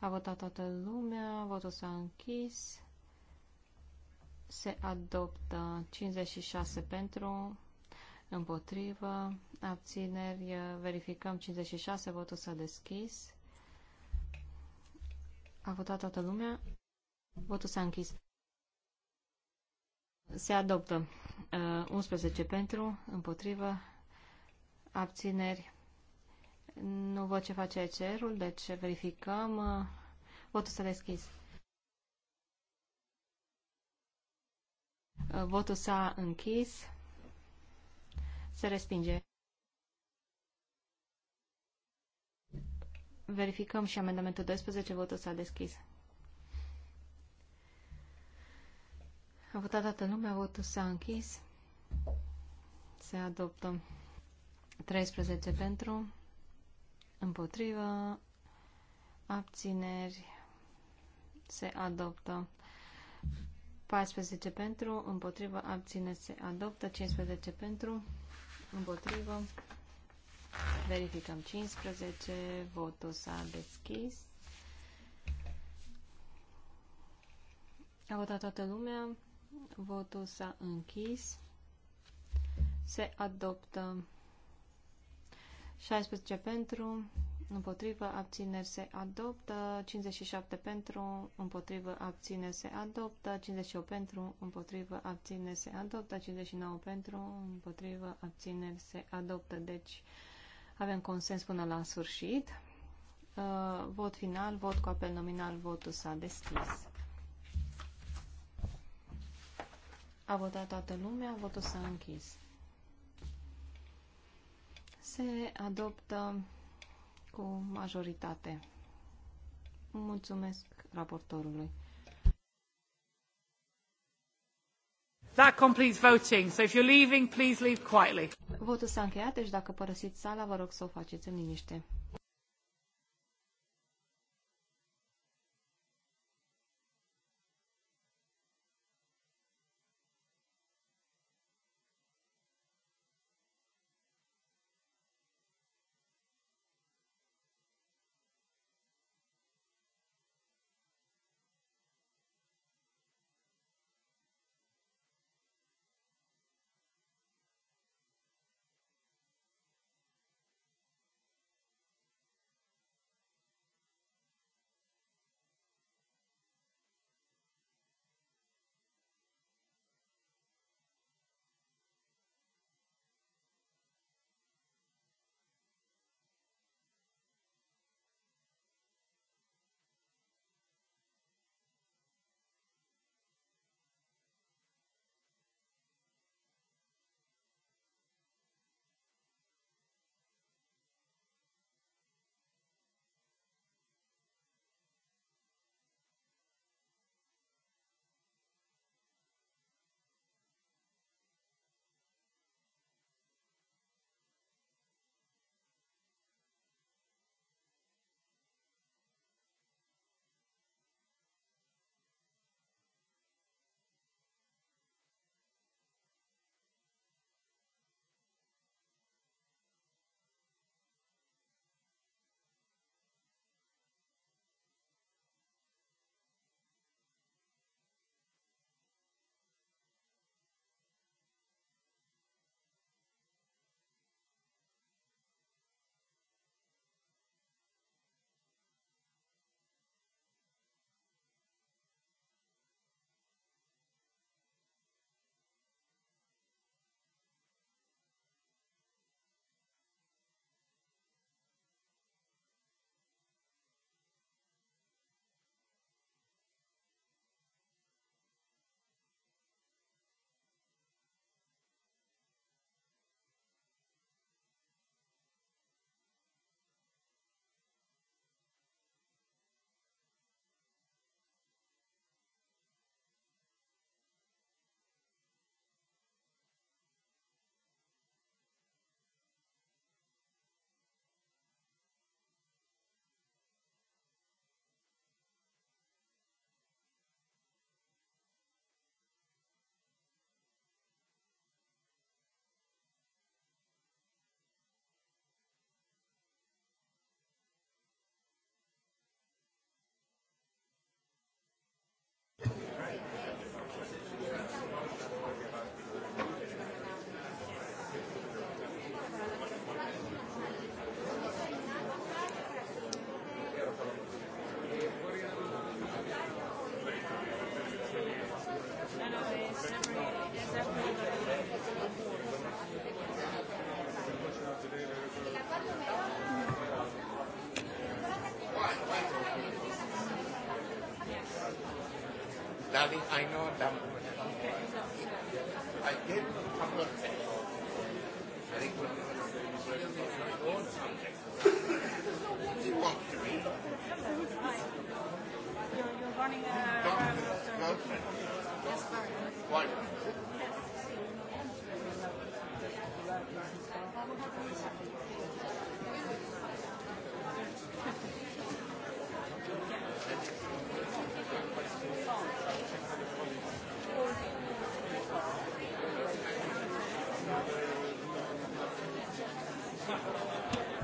A votat toată lumea, votul s-a închis. Se adoptă 56 pentru, împotrivă, abțineri, verificăm 56, votul s-a deschis. A votat toată lumea, votul s-a închis. Se adoptă. 11 uh, pentru, împotrivă, abțineri. Nu văd ce face cerul, deci verificăm. Uh, votul s-a deschis. Uh, votul s-a închis. Se respinge. Verificăm și amendamentul 12. Votul s-a deschis. A votat toată lumea, votul s-a închis. Se adoptă 13 pentru, împotrivă, abțineri, se adoptă 14 pentru, împotrivă, abțineri se adoptă 15 pentru, împotrivă, verificăm 15, votul s-a deschis. A votat toată lumea. Votul s-a închis. Se adoptă. 16 pentru, împotrivă, abțineri se adoptă, 57 pentru, împotrivă, abțineri se adoptă, 58 pentru, împotrivă, abțineri se adoptă, 59 pentru, împotrivă, abțineri se adoptă. Deci avem consens până la sfârșit. Uh, vot final, vot cu apel nominal, votul s-a deschis. A votat toată lumea, votul s-a închis. Se adoptă cu majoritate. Mulțumesc raportorului. That completes voting, so if you're leaving, please leave quietly. Votul s-a încheiat, deci dacă părăsiți sala, vă rog să o faceți în liniște.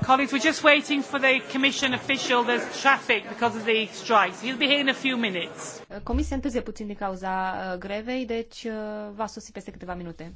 Colleagues, we're just waiting for the commission official. There's traffic because of the strikes. He'll be here in a few minutes. Comisia întârzie puțin din cauza uh, grevei, deci uh, va sosi peste câteva minute.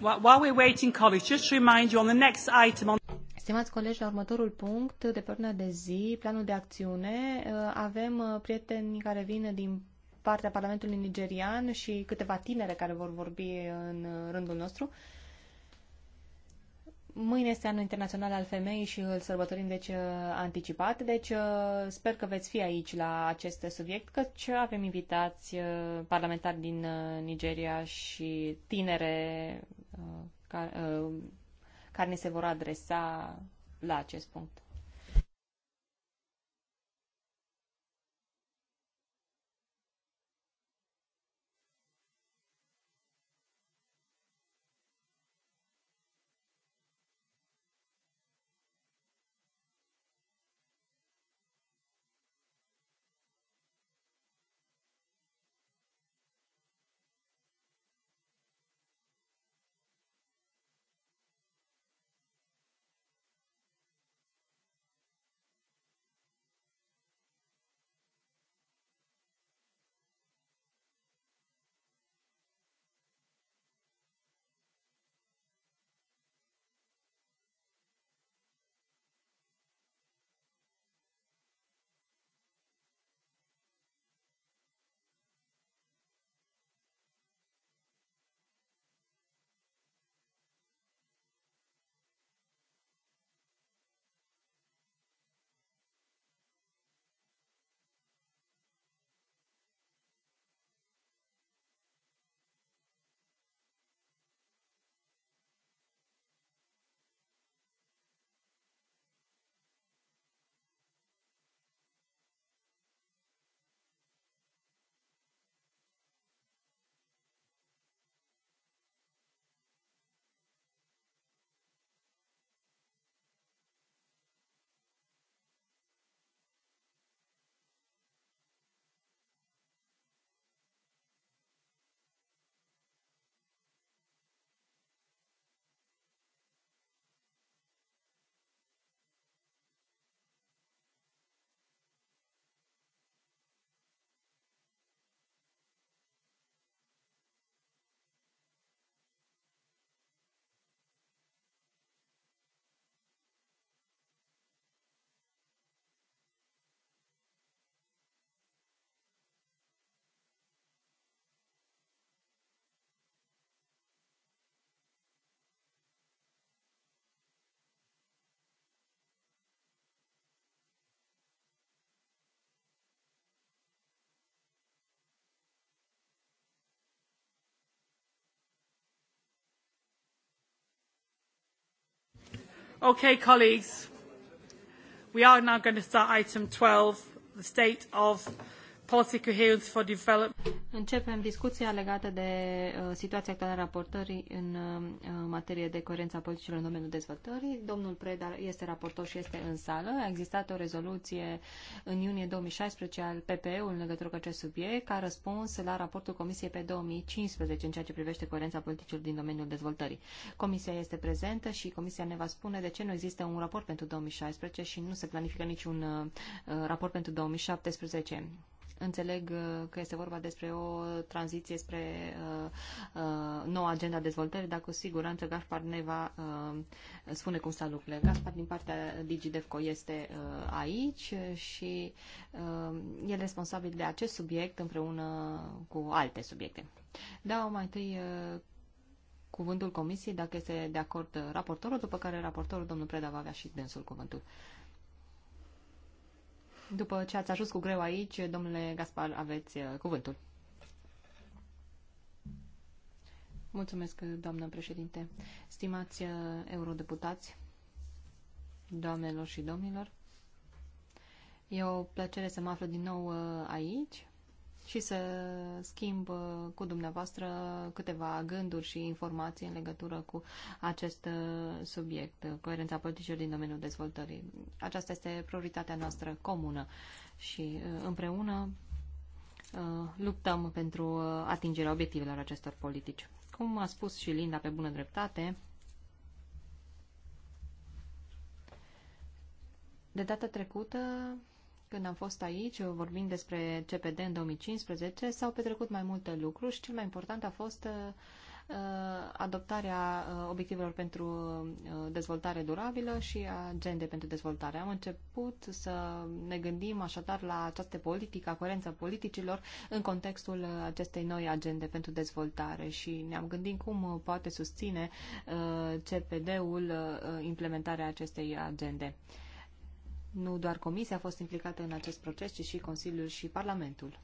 While we're waiting, colleagues, just to remind you on the next item on Stimați colegi, la următorul punct de pe ordinea de zi, planul de acțiune, uh, avem uh, prieteni care vin din partea Parlamentului Nigerian și câteva tinere care vor vorbi în uh, rândul nostru. Mâine este anul internațional al femeii și îl sărbătorim deci uh, anticipat, deci uh, sper că veți fi aici la acest subiect, că ce avem invitați uh, parlamentari din Nigeria și tinere care, care ne se vor adresa la acest punct. Okay, colleagues, we are now going to start item 12, the state of policy coherence for development. Începem discuția legată de uh, situația actuală a raportării în uh, materie de coerență a politicilor în domeniul dezvoltării. Domnul Preda este raportor și este în sală. A existat o rezoluție în iunie 2016 al PPE-ului în legătură cu acest subiect, ca răspuns la raportul Comisiei pe 2015 în ceea ce privește coerența politicilor din domeniul dezvoltării. Comisia este prezentă și Comisia ne va spune de ce nu există un raport pentru 2016 și nu se planifică niciun uh, uh raport pentru 2017. Înțeleg uh, că este vorba despre o tranziție spre uh, uh, noua agenda dezvoltării, dar cu siguranță Gaspar ne va spune cum stau lucrurile. Gaspar din partea DigiDevco este aici și e responsabil de acest subiect împreună cu alte subiecte. Dau mai întâi cuvântul comisiei, dacă este de acord raportorul, după care raportorul, domnul Preda, va avea și dânsul cuvântul. După ce ați ajuns cu greu aici, domnule Gaspar, aveți uh, cuvântul. Mulțumesc, doamnă președinte. Stimați uh, eurodeputați, doamnelor și domnilor, e o plăcere să mă aflu din nou uh, aici și să schimb uh, cu dumneavoastră câteva gânduri și informații în legătură cu acest uh, subiect, uh, coerența politicilor din domeniul dezvoltării. Aceasta este prioritatea noastră comună și împreună luptăm pentru atingerea obiectivelor acestor politici. Cum a spus și Linda pe bună dreptate, de data trecută când am fost aici, vorbind despre CPD în 2015, s-au petrecut mai multe lucruri și cel mai important a fost uh, uh adoptarea uh, obiectivelor pentru uh, dezvoltare durabilă și agende pentru dezvoltare. Am început să ne gândim așadar la această politică, coerența politicilor în contextul acestei noi agende pentru dezvoltare și ne-am gândit cum poate susține uh, CPD-ul implementarea acestei agende. Uh, nu doar Comisia a fost implicată în acest proces, ci și Consiliul și Parlamentul.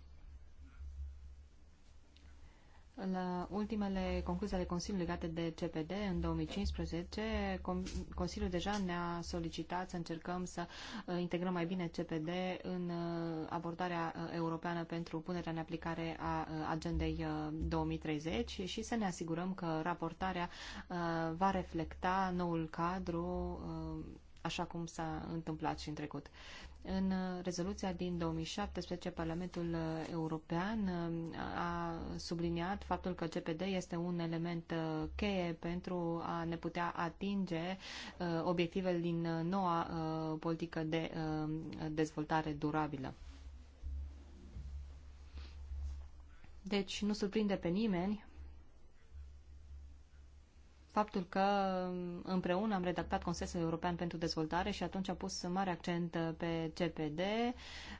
La ultimele concluzii ale Consiliului legate de CPD în 2015, Consiliul deja ne-a solicitat să încercăm să uh, integrăm mai bine CPD în uh, abordarea uh, europeană pentru punerea în aplicare a agendei 2030 și să ne asigurăm că raportarea va reflecta noul cadru așa cum s-a întâmplat și în trecut. În rezoluția din 2017, Parlamentul European uh, a subliniat faptul că CPD este un element uh, cheie pentru a ne putea atinge uh, obiectivele din noua politică de dezvoltare durabilă. Deci nu surprinde pe nimeni faptul că um, împreună am redactat Consensul European pentru Dezvoltare și atunci am pus mare accent uh, pe CPD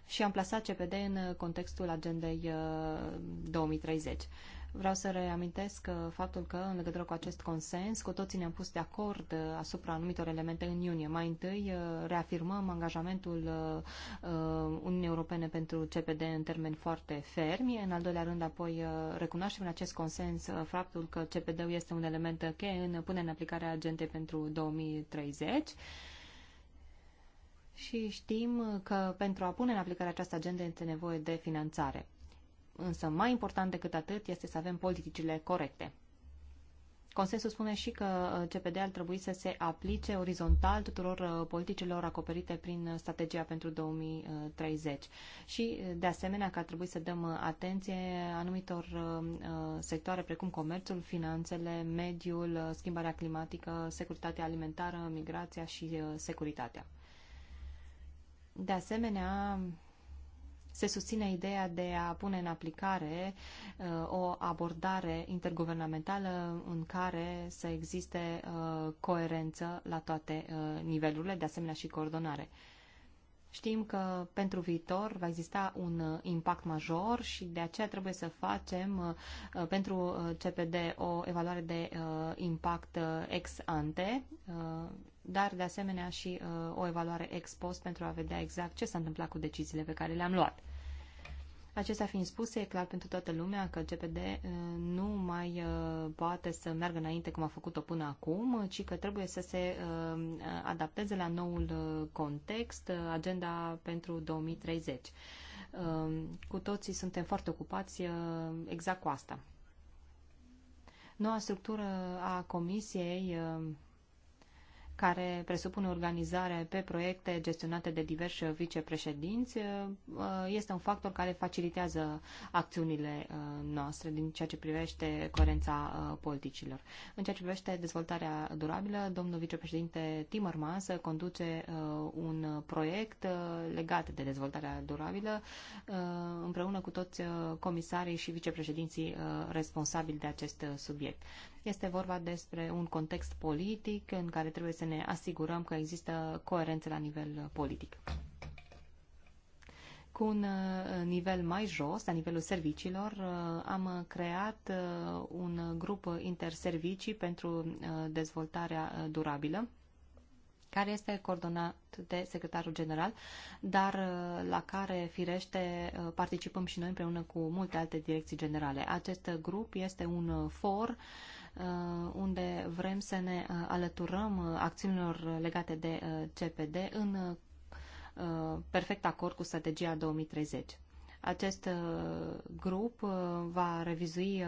și am plasat CPD în uh, contextul agendei 2030. Uh, Vreau să reamintesc uh, faptul că, în legătură cu acest consens, cu toții ne-am pus de acord uh, asupra anumitor elemente în iunie. Mai întâi, uh, reafirmăm angajamentul Uniunii Europene pentru CPD în termeni foarte fermi. În al doilea rând, apoi, recunoaștem în acest consens faptul că CPD-ul este un element cheie în punerea în aplicare a agentei pentru 2030. Și știm că pentru a pune în aplicare această agendă este nevoie de finanțare. Însă mai important decât atât este să avem politicile corecte. Consensul spune și că CPD uh, ar trebui să se aplice orizontal tuturor uh, politicilor acoperite prin uh, strategia pentru 2030 și, de asemenea, că ar trebui să dăm atenție anumitor sectoare precum comerțul, finanțele, mediul, schimbarea climatică, securitatea alimentară, migrația și securitatea. De asemenea, se susține ideea de a pune în aplicare uh, o abordare interguvernamentală în care să existe uh, coerență la toate uh, nivelurile, de asemenea și coordonare. Știm că pentru viitor va exista un uh, impact major și de aceea trebuie să facem uh, uh, pentru CPD o evaluare de impact ex ante dar de asemenea și uh, o evaluare ex post pentru a vedea exact ce s-a întâmplat cu deciziile pe care le-am luat. Acestea fiind spuse, e clar pentru toată lumea că GPD uh, nu mai uh, poate să meargă înainte cum a făcut-o până acum, ci că trebuie să se adapteze la noul context, agenda pentru 2030. Cu toții suntem foarte ocupați exact cu asta. Noua structură a comisiei care presupune organizare pe proiecte gestionate de diversi vicepreședinți, uh, este un factor care facilitează acțiunile uh, noastre din ceea ce privește coerența uh, politicilor. În ceea ce privește dezvoltarea durabilă, domnul vicepreședinte Timmermans conduce un proiect legat de dezvoltarea durabilă împreună cu toți comisarii și vicepreședinții responsabili de acest subiect. Este vorba despre un context politic în care trebuie să ne asigurăm că există coerență la nivel politic. Cu un uh, nivel mai jos, la nivelul serviciilor, uh, am creat uh, un grup interservicii pentru dezvoltarea durabilă care este coordonat de secretarul general, dar la care, firește, participăm și noi împreună cu multe alte direcții generale. Acest grup este un for uh, Uh, unde vrem să ne uh, alăturăm uh, acțiunilor legate de CPD în perfect acord cu strategia 2030. Acest grup va revizui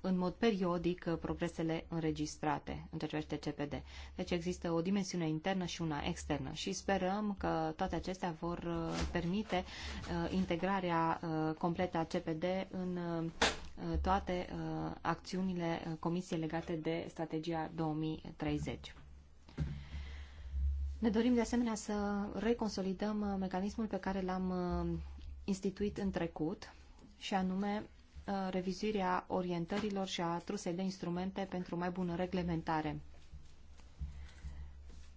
în mod periodic progresele înregistrate în ceea ce privește CPD. Deci există o dimensiune internă și una externă și sperăm că toate acestea vor permite integrarea completă a CPD în Uh, toate uh, acțiunile uh, Comisiei legate de strategia 2030. Ne dorim de asemenea să reconsolidăm mecanismul pe care l-am instituit în trecut și anume revizuirea orientărilor și a trusei de instrumente pentru mai bună reglementare.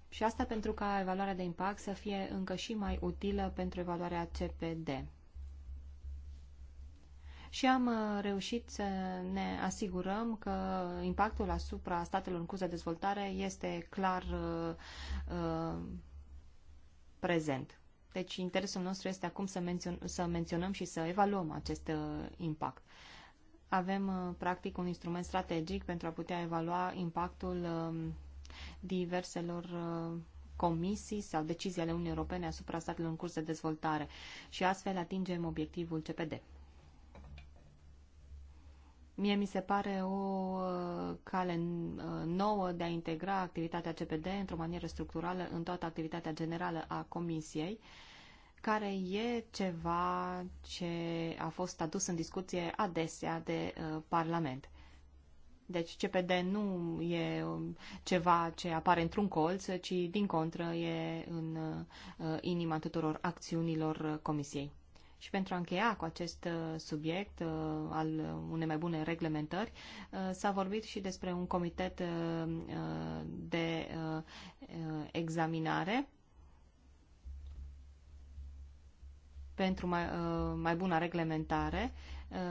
Și asta pentru ca evaluarea de impact să fie încă și mai utilă pentru evaluarea CPD și am uh, reușit să ne asigurăm că impactul asupra statelor în curs de dezvoltare este clar uh, uh, prezent. Deci interesul nostru este acum să, mențion, să menționăm și să evaluăm acest uh, impact. Avem, uh, practic, un instrument strategic pentru a putea evalua impactul uh, diverselor uh, comisii sau decizii ale Uniunii Europene asupra statelor în curs de dezvoltare și astfel atingem obiectivul CPD. Mie mi se pare o uh, cale uh, nouă de a integra activitatea CPD într-o manieră structurală în toată activitatea generală a Comisiei, care e ceva ce a fost adus în discuție adesea de uh, Parlament. Deci CPD nu e um, ceva ce apare într-un colț, ci din contră e în uh, inima tuturor acțiunilor Comisiei. Și pentru a încheia cu acest uh, subiect uh, al unei mai bune reglementări, uh, s-a vorbit și despre un comitet de examinare pentru mai, mai bună reglementare,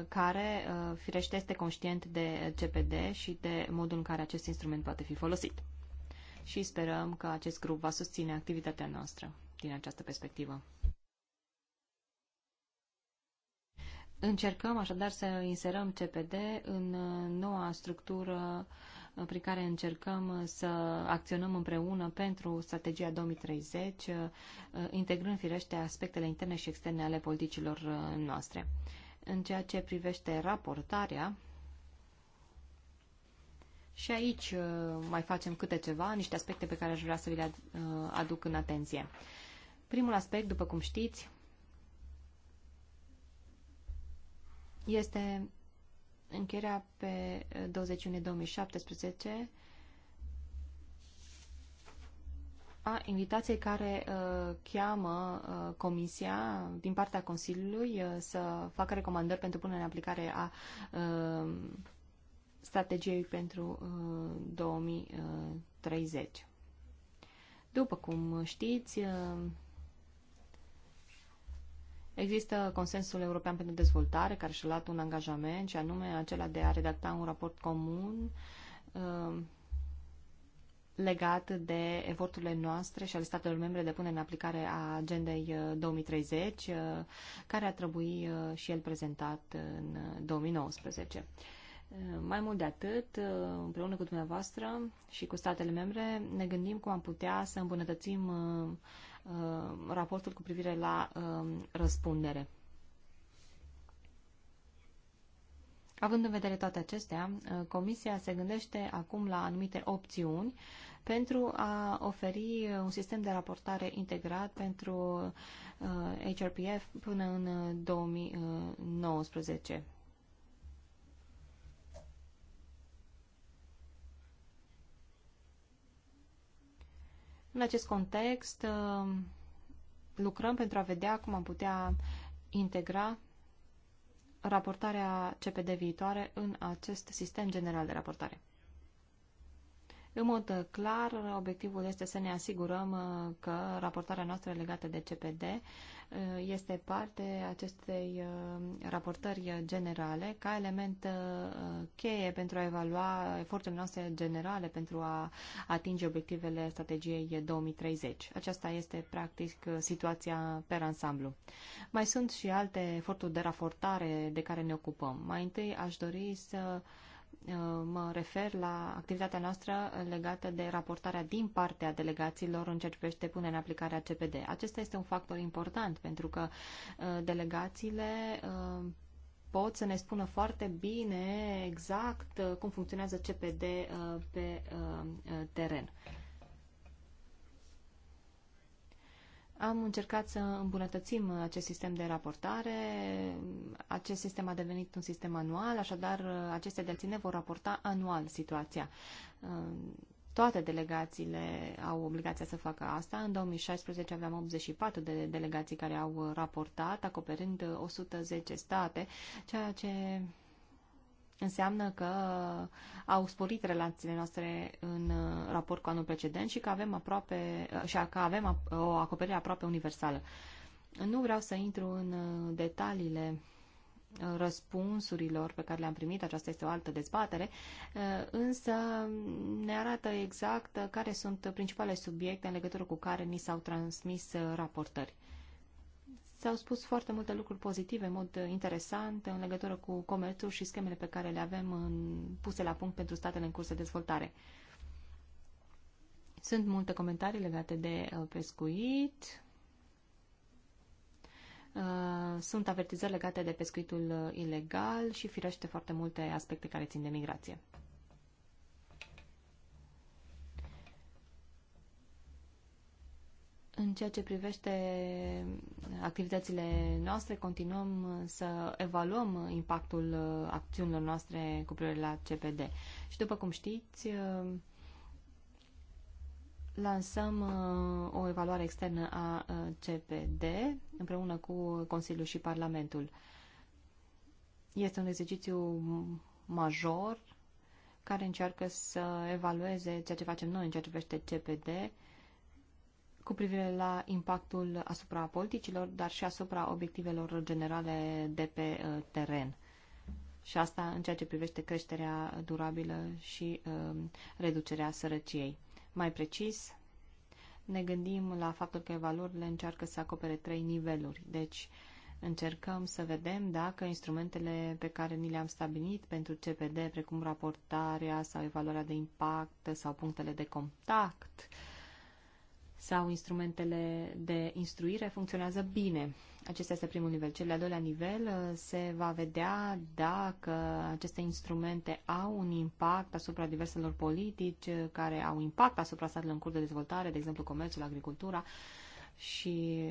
care, firește, este conștient de CPD și de modul în care acest instrument poate fi folosit. Și sperăm că acest grup va susține activitatea noastră din această perspectivă. Încercăm așadar să inserăm CPD în uh, noua structură uh, prin care încercăm uh, să acționăm împreună pentru strategia 2030, integrând firește aspectele interne și externe ale politicilor noastre. În ceea ce privește raportarea, și aici mai facem câte ceva, niște aspecte pe care aș vrea să vi le aduc în atenție. Primul aspect, după cum știți, este încheierea pe 20 eh, iunie 2017 a invitației care uh, cheamă uh, Comisia din partea Consiliului uh, să facă recomandări pentru punerea în aplicare a uh, strategiei pentru uh, 2030. După cum știți, uh, Există consensul european pentru dezvoltare care și-a luat un angajament și anume acela de a redacta un raport comun uh, legat de eforturile noastre și ale statelor membre de pune în aplicare a agendei 2030, uh, uh, care a trebuit uh, și el prezentat în 2019. Uh, mai mult de atât, împreună cu dumneavoastră și cu statele membre, ne gândim cum am putea să îmbunătățim Uh, raportul cu privire la um, răspundere. Având în vedere toate acestea, uh, Comisia se gândește acum la anumite opțiuni pentru a oferi uh, un sistem de raportare integrat pentru HRPF până în 2019. În acest context, uh, lucrăm pentru a vedea cum am putea integra raportarea CPD viitoare în acest sistem general de raportare. În mod uh, clar, obiectivul este să ne asigurăm uh, că raportarea noastră legată de CPD uh, este parte acestei raportări generale ca element cheie pentru a evalua eforturile noastre generale pentru a atinge obiectivele strategiei 2030. Aceasta este practic situația per ansamblu. Mai sunt și alte eforturi de raportare de care ne ocupăm. Mai întâi aș dori să Uh, mă refer la activitatea noastră legată de raportarea din partea delegațiilor în ceea ce privește punerea în aplicare a CPD. Acesta este un factor important pentru că uh, delegațiile uh, pot să ne spună foarte bine exact cum funcționează CPD pe teren. Am încercat să îmbunătățim acest sistem de raportare. Acest sistem a devenit un sistem anual, așadar aceste deține vor raporta anual situația. Toate delegațiile au obligația să facă asta. În 2016 aveam 84 de delegații care au raportat, acoperind 110 state, ceea ce înseamnă că au sporit relațiile noastre în uh, raport cu anul precedent și că avem aproape uh, și că avem o acoperire aproape universală. Nu vreau să intru în uh, detaliile răspunsurilor pe care le-am primit, aceasta este o altă dezbatere, însă mm, ne arată exact care sunt principalele subiecte în legătură cu care ni s-au transmis raportări. S-au spus foarte multe lucruri pozitive, în mod interesant, în legătură cu comerțul și schemele pe care le avem în, puse la punct pentru statele în curs de dezvoltare. Sunt multe comentarii legate de uh, pescuit. Uh, sunt avertizări legate de pescuitul uh, ilegal și firește foarte multe aspecte care țin de migrație. În ceea ce privește uh, activitățile noastre, continuăm uh, să evaluăm uh, impactul acțiunilor noastre cu privire la CPD. Și după cum știți, lansăm o evaluare externă a CPD împreună cu Consiliul și Parlamentul. Este un exercițiu major care încearcă să evalueze ceea ce facem noi în ceea ce privește CPD cu privire la impactul asupra politicilor, dar și asupra obiectivelor generale de pe uh, teren. Și asta în ceea ce privește creșterea durabilă și uh, reducerea sărăciei. Mai precis, ne gândim la faptul că valorile încearcă să acopere trei niveluri. Deci, încercăm să vedem dacă instrumentele pe care ni le-am stabilit pentru CPD, precum raportarea sau evaluarea de impact sau punctele de contact, uh, sau instrumentele de instruire funcționează bine. Acesta este primul nivel. Cel de-al doilea nivel uh, se va vedea dacă aceste instrumente au un impact asupra diverselor politici uh, care au impact asupra statelor în curs de dezvoltare, de exemplu comerțul, agricultura și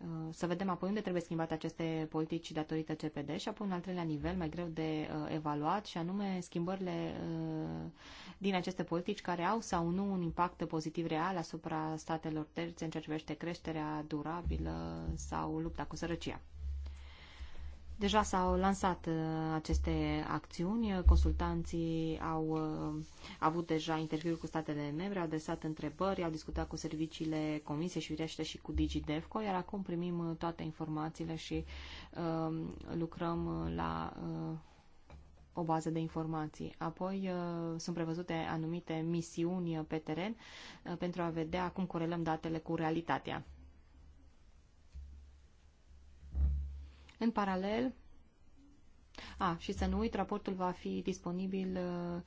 Uh, să vedem apoi unde trebuie schimbate aceste politici datorită CPD și apoi un al treilea nivel mai greu de uh, evaluat și anume schimbările uh, din aceste politici care au sau nu un impact pozitiv real asupra statelor terțe în ceea ce privește creșterea durabilă sau lupta cu sărăcia. Deja s-au lansat uh, aceste acțiuni, consultanții au uh, avut deja interviuri cu statele membre, au adresat întrebări, au discutat cu serviciile comisiei și firește și cu DigiDevco, iar acum primim uh, toate informațiile și uh, lucrăm la uh, o bază de informații. Apoi uh, sunt prevăzute anumite misiuni pe teren pentru a vedea cum corelăm datele cu realitatea. În paralel, a, și să nu uit, raportul va fi disponibil uh,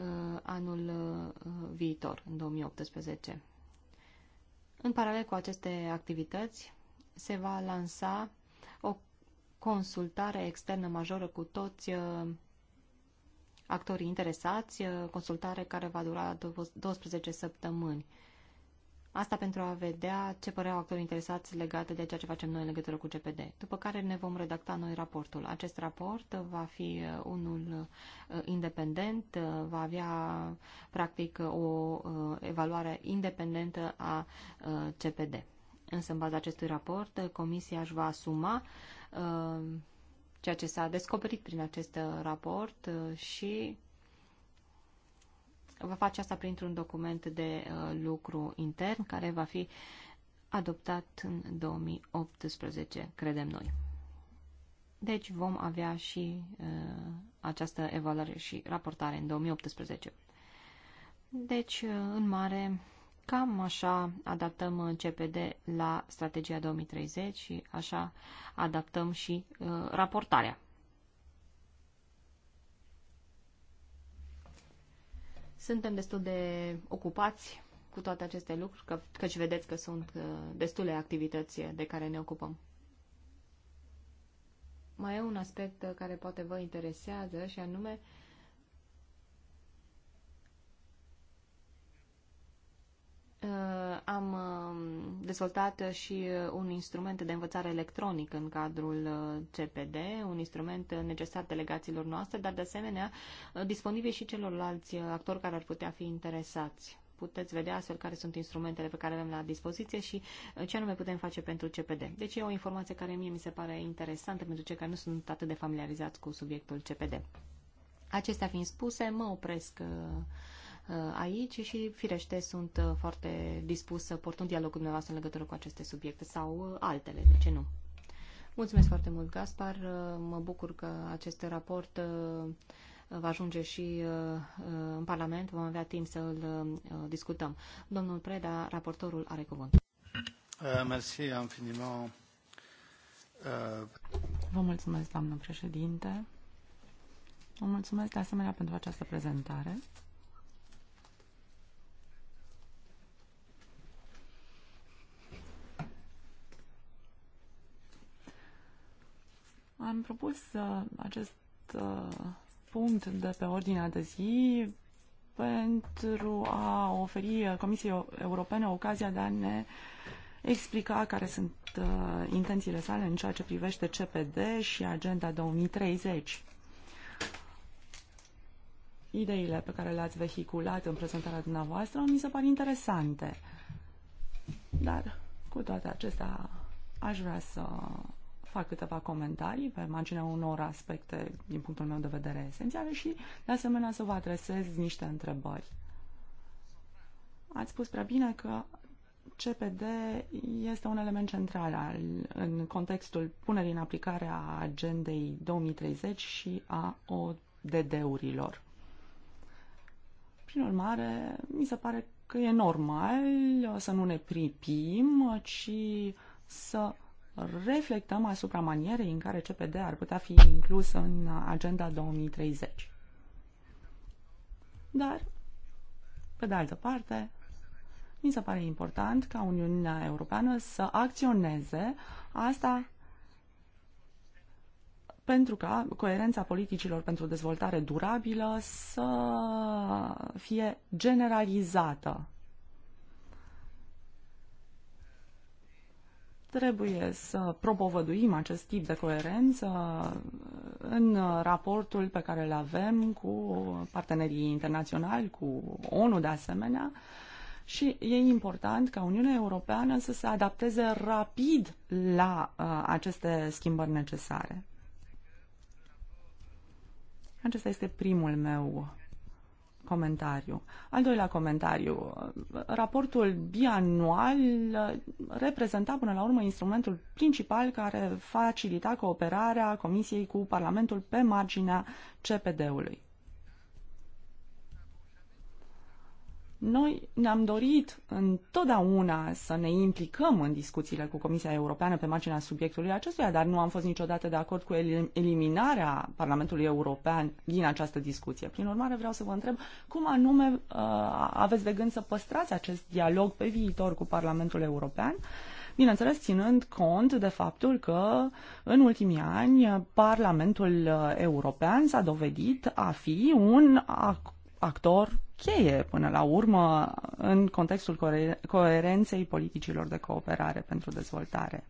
uh anul uh, viitor, în 2018. În paralel cu aceste activități, se va lansa o consultare externă majoră cu toți uh, actorii interesați, uh, consultare care va dura 12 săptămâni. Uh, Asta pentru a vedea ce păreau actorii interesați legate de ceea ce facem noi în legătură cu CPD. După care ne vom redacta noi raportul. Acest raport va fi uh, unul uh, independent, uh, va avea practic o evaluare independentă a CPD. Însă, în baza acestui raport, Comisia își va asuma ceea ce s-a descoperit prin acest raport și Va face asta printr-un document de uh, lucru intern care va fi adoptat în 2018, credem noi. Deci vom avea și uh, această evaluare și raportare în 2018. Deci, uh, în mare, cam așa adaptăm uh, CPD la strategia 2030 și așa adaptăm și uh, raportarea Suntem destul de ocupați cu toate aceste lucruri, că, căci vedeți că sunt uh, destule activități de care ne ocupăm. Mai e un aspect uh, care poate vă interesează și anume uh, Uh, am uh, dezvoltat și uh, un instrument de învățare electronic în cadrul CPD, un instrument necesar delegațiilor noastre, dar de asemenea disponibil și celorlalți actori care ar putea fi interesați. Puteți vedea astfel care sunt instrumentele pe care avem la dispoziție și ce anume putem face pentru CPD. Deci e o informație care mie mi se pare interesantă pentru cei care nu sunt atât de familiarizați cu subiectul CPD. Acestea fiind spuse, mă opresc Uh, aici și, firește, sunt uh, foarte dispus să port un dialog cu dumneavoastră în legătură cu aceste subiecte sau uh, altele, de ce nu? Mulțumesc foarte mult, Gaspar. Mă bucur că acest raport va ajunge și în Parlament. Vom avea timp să îl discutăm. Domnul Preda, raportorul, are cuvânt. Merci, infiniment. Vă mulțumesc, doamnă președinte. Vă mulțumesc de asemenea pentru această prezentare. am propus uh, acest uh, punct de pe ordinea de zi pentru a oferi Comisiei Europene ocazia de a ne explica care sunt uh, intențiile sale în ceea ce privește CPD și Agenda 2030. Ideile pe care le-ați vehiculat în prezentarea dumneavoastră mi se par interesante. Dar, cu toate acestea, aș vrea să fac câteva comentarii pe marginea unor aspecte, din punctul meu de vedere, esențiale și, de asemenea, să vă adresez niște întrebări. Ați spus prea bine că CPD este un element central al, în contextul punerii în aplicare a agendei 2030 și a ODD-urilor. Prin urmare, mi se pare că e normal să nu ne pripim, ci să reflectăm asupra manierei în care CPD ar putea fi inclus în Agenda 2030. Dar, pe de altă parte, mi se pare important ca Uniunea Europeană să acționeze asta pentru ca coerența politicilor pentru dezvoltare durabilă să fie generalizată Trebuie să propovăduim acest tip de coerență în raportul pe care îl avem cu partenerii internaționali, cu ONU de asemenea, și e important ca Uniunea Europeană să se adapteze rapid la uh, aceste schimbări necesare. Acesta este primul meu comentariu. Al doilea comentariu. Raportul bianual reprezenta până la urmă instrumentul principal care facilita cooperarea Comisiei cu Parlamentul pe marginea CPD-ului. Noi ne-am dorit întotdeauna să ne implicăm în discuțiile cu Comisia Europeană pe marginea subiectului acestuia, dar nu am fost niciodată de acord cu eliminarea Parlamentului European din această discuție. Prin urmare, vreau să vă întreb cum anume uh, aveți de gând să păstrați acest dialog pe viitor cu Parlamentul European bineînțeles ținând cont de faptul că în ultimii ani Parlamentul European s-a dovedit a fi un actor cheie până la urmă în contextul coerenței politicilor de cooperare pentru dezvoltare.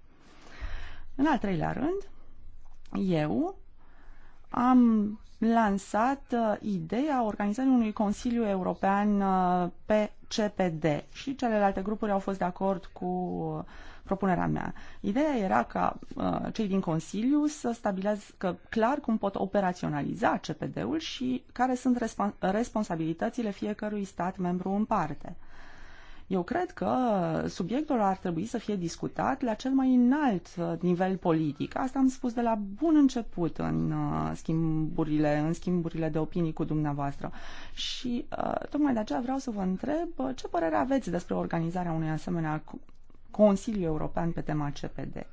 În al treilea rând, eu am lansat uh, ideea organizării unui Consiliu European uh, pe CPD și celelalte grupuri au fost de acord cu uh, propunerea mea. Ideea era ca uh, cei din Consiliu să stabilească clar cum pot operaționaliza CPD-ul și care sunt respo- responsabilitățile fiecărui stat membru în parte. Eu cred că subiectul ar trebui să fie discutat la cel mai înalt uh, nivel politic. Asta am spus de la bun început în uh, schimburile, în schimburile de opinii cu dumneavoastră. Și uh, tocmai de aceea vreau să vă întreb ce părere aveți despre organizarea unui asemenea Consiliul European pe tema CPD.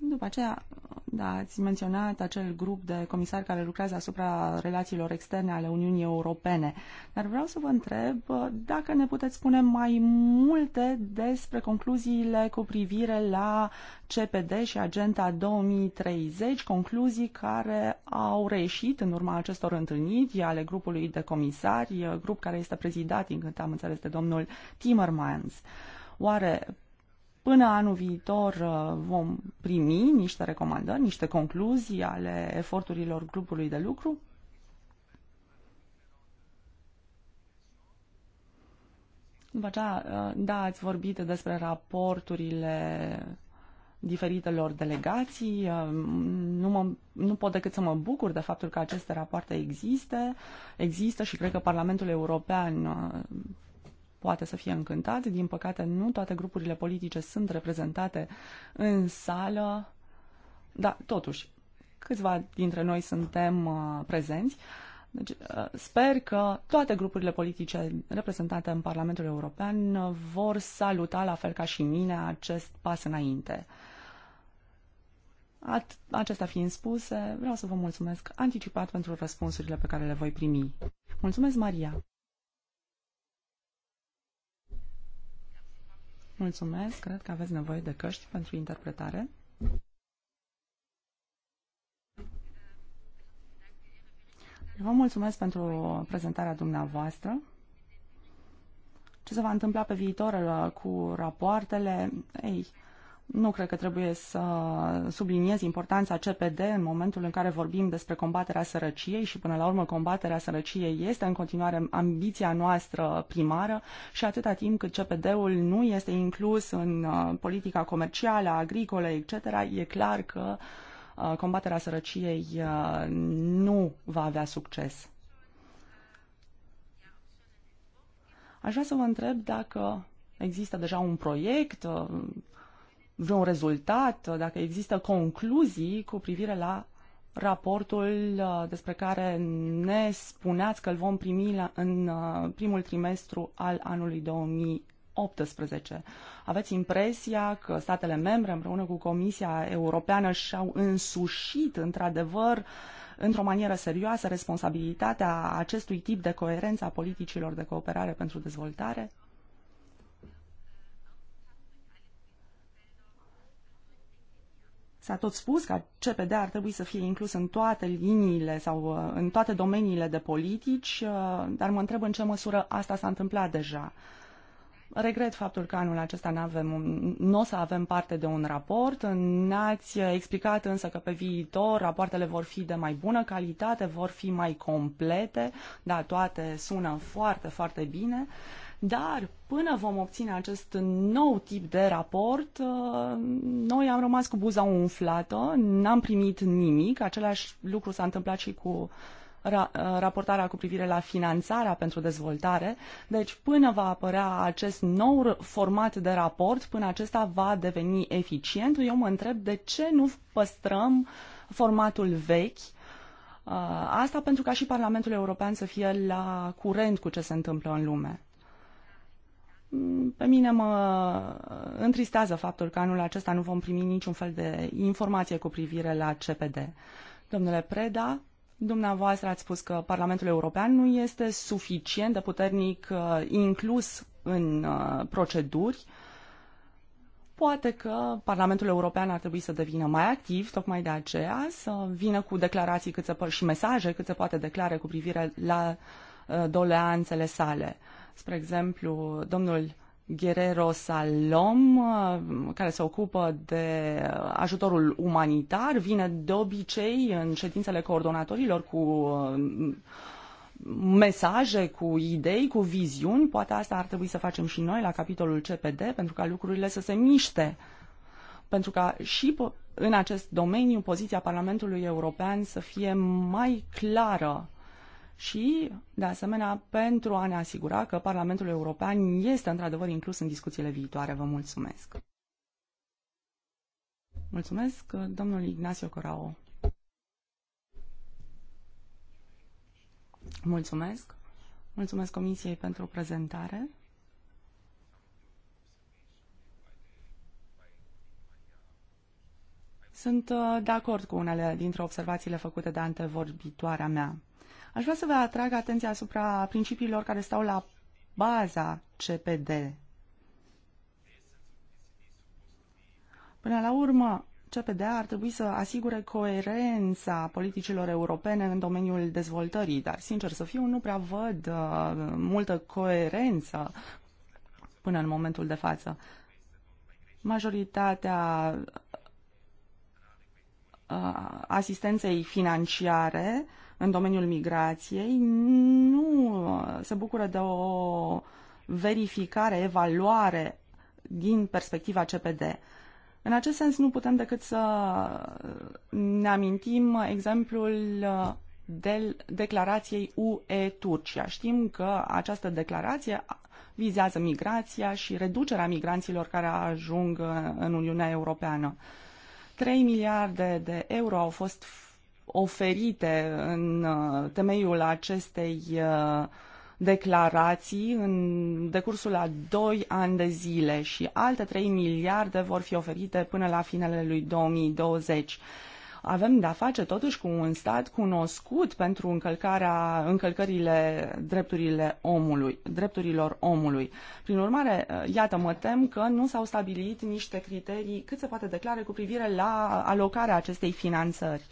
După aceea, da, ați menționat acel grup de comisari care lucrează asupra relațiilor externe ale Uniunii Europene. Dar vreau să vă întreb uh, dacă ne puteți spune mai multe despre concluziile cu privire la CPD și Agenda 2030, concluzii care au reieșit în urma acestor întâlniri ale grupului de comisari, uh, grup care este prezidat, din câte am înțeles, de domnul Timmermans. Oare Până anul viitor uh, vom primi niște recomandări, niște concluzii ale eforturilor grupului de lucru. După aceea, uh, da, ați vorbit despre raporturile diferitelor delegații. Uh, nu, mă, nu pot decât să mă bucur de faptul că aceste rapoarte există, există și cred că Parlamentul European poate să fie încântat. Din păcate, nu toate grupurile politice sunt reprezentate în sală, dar totuși, câțiva dintre noi suntem uh, prezenți. Deci, uh, sper că toate grupurile politice reprezentate în Parlamentul European uh, vor saluta, la fel ca și mine, acest pas înainte. At- acestea fiind spuse, vreau să vă mulțumesc anticipat pentru răspunsurile pe care le voi primi. Mulțumesc, Maria! Mulțumesc, cred că aveți nevoie de căști pentru interpretare. Vă mulțumesc pentru prezentarea dumneavoastră. Ce se va întâmpla pe viitor uh, cu rapoartele? Ei, nu cred că trebuie să subliniez importanța CPD în momentul în care vorbim despre combaterea sărăciei și până la urmă combaterea sărăciei este în continuare ambiția noastră primară și atâta timp cât CPD-ul nu este inclus în uh, politica comercială, agricolă, etc., e clar că uh, combaterea sărăciei uh, nu va avea succes. Aș vrea să vă întreb dacă există deja un proiect, vreun rezultat, dacă există concluzii cu privire la raportul uh, despre care ne spuneați că îl vom primi la, în uh, primul trimestru al anului 2018. Aveți impresia că statele membre împreună cu Comisia Europeană și-au însușit într-adevăr într-o manieră serioasă responsabilitatea acestui tip de coerență a politicilor de cooperare pentru dezvoltare? S-a tot spus că CPD ar trebui să fie inclus în toate liniile sau uh, în toate domeniile de politici, uh, dar mă întreb în ce măsură asta s-a întâmplat deja. Regret faptul că anul acesta nu avem, nu o să avem parte de un raport. Ne-ați explicat însă că pe viitor rapoartele vor fi de mai bună calitate, vor fi mai complete. Da, toate sună foarte, foarte bine. Uh, dar până vom obține acest nou tip de raport, uh, noi am rămas cu buza umflată, n-am primit nimic. Același lucru s-a întâmplat și cu uh, raportarea cu privire la finanțarea pentru dezvoltare. Deci până va apărea acest nou format de raport, până acesta va deveni eficient, eu mă întreb de ce nu păstrăm formatul vechi uh, Asta pentru ca și Parlamentul European să fie la curent cu ce se întâmplă în lume. Pe mine mă uh, întristează faptul că anul acesta nu vom primi niciun fel de informație cu privire la CPD. Domnule Preda, dumneavoastră ați spus că Parlamentul European nu este suficient de puternic uh, inclus în uh, proceduri. Poate că Parlamentul European ar trebui să devină mai activ, tocmai de aceea, să vină cu declarații cât se po- și mesaje cât se poate declare cu privire la doleanțele sale. Spre exemplu, domnul Guerrero Salom, uh, care se ocupă de uh, ajutorul umanitar, vine de obicei în ședințele coordonatorilor cu uh, mesaje, cu idei, cu viziuni. Poate asta ar trebui să facem și noi la capitolul CPD, pentru ca lucrurile să se miște. Pentru ca și în acest domeniu poziția Parlamentului European să fie mai clară și, de asemenea, pentru a ne asigura că Parlamentul European este într-adevăr inclus în discuțiile viitoare. Vă mulțumesc! Mulțumesc, domnul Ignacio Corao. Mulțumesc. Mulțumesc Comisiei pentru prezentare. Sunt uh, de acord cu unele dintre observațiile făcute de antevorbitoarea mea. Aș vrea să vă atrag atenția asupra principiilor care stau la baza CPD. Până la urmă, CPD ar trebui să asigure coerența politicilor europene în domeniul dezvoltării, dar, sincer să fiu, nu prea văd uh, multă coerență până în momentul de față. Majoritatea uh, asistenței financiare uh, în domeniul migrației nu uh, se bucură de o verificare, evaluare din perspectiva CPD. În acest sens nu putem decât să uh, ne amintim exemplul uh, de declarației UE Turcia. Știm că această declarație vizează migrația și reducerea migranților care ajung în Uniunea Europeană. 3 miliarde de euro au fost oferite în uh, temeiul acestei uh, declarații în decursul a 2 ani de zile și alte 3 miliarde vor fi oferite până la finele lui 2020 avem de-a face totuși cu un stat cunoscut pentru încălcarea, încălcările drepturile omului, drepturilor omului. Prin urmare, uh, iată, mă tem că nu s-au stabilit niște criterii cât se poate declare cu privire la alocarea acestei finanțări.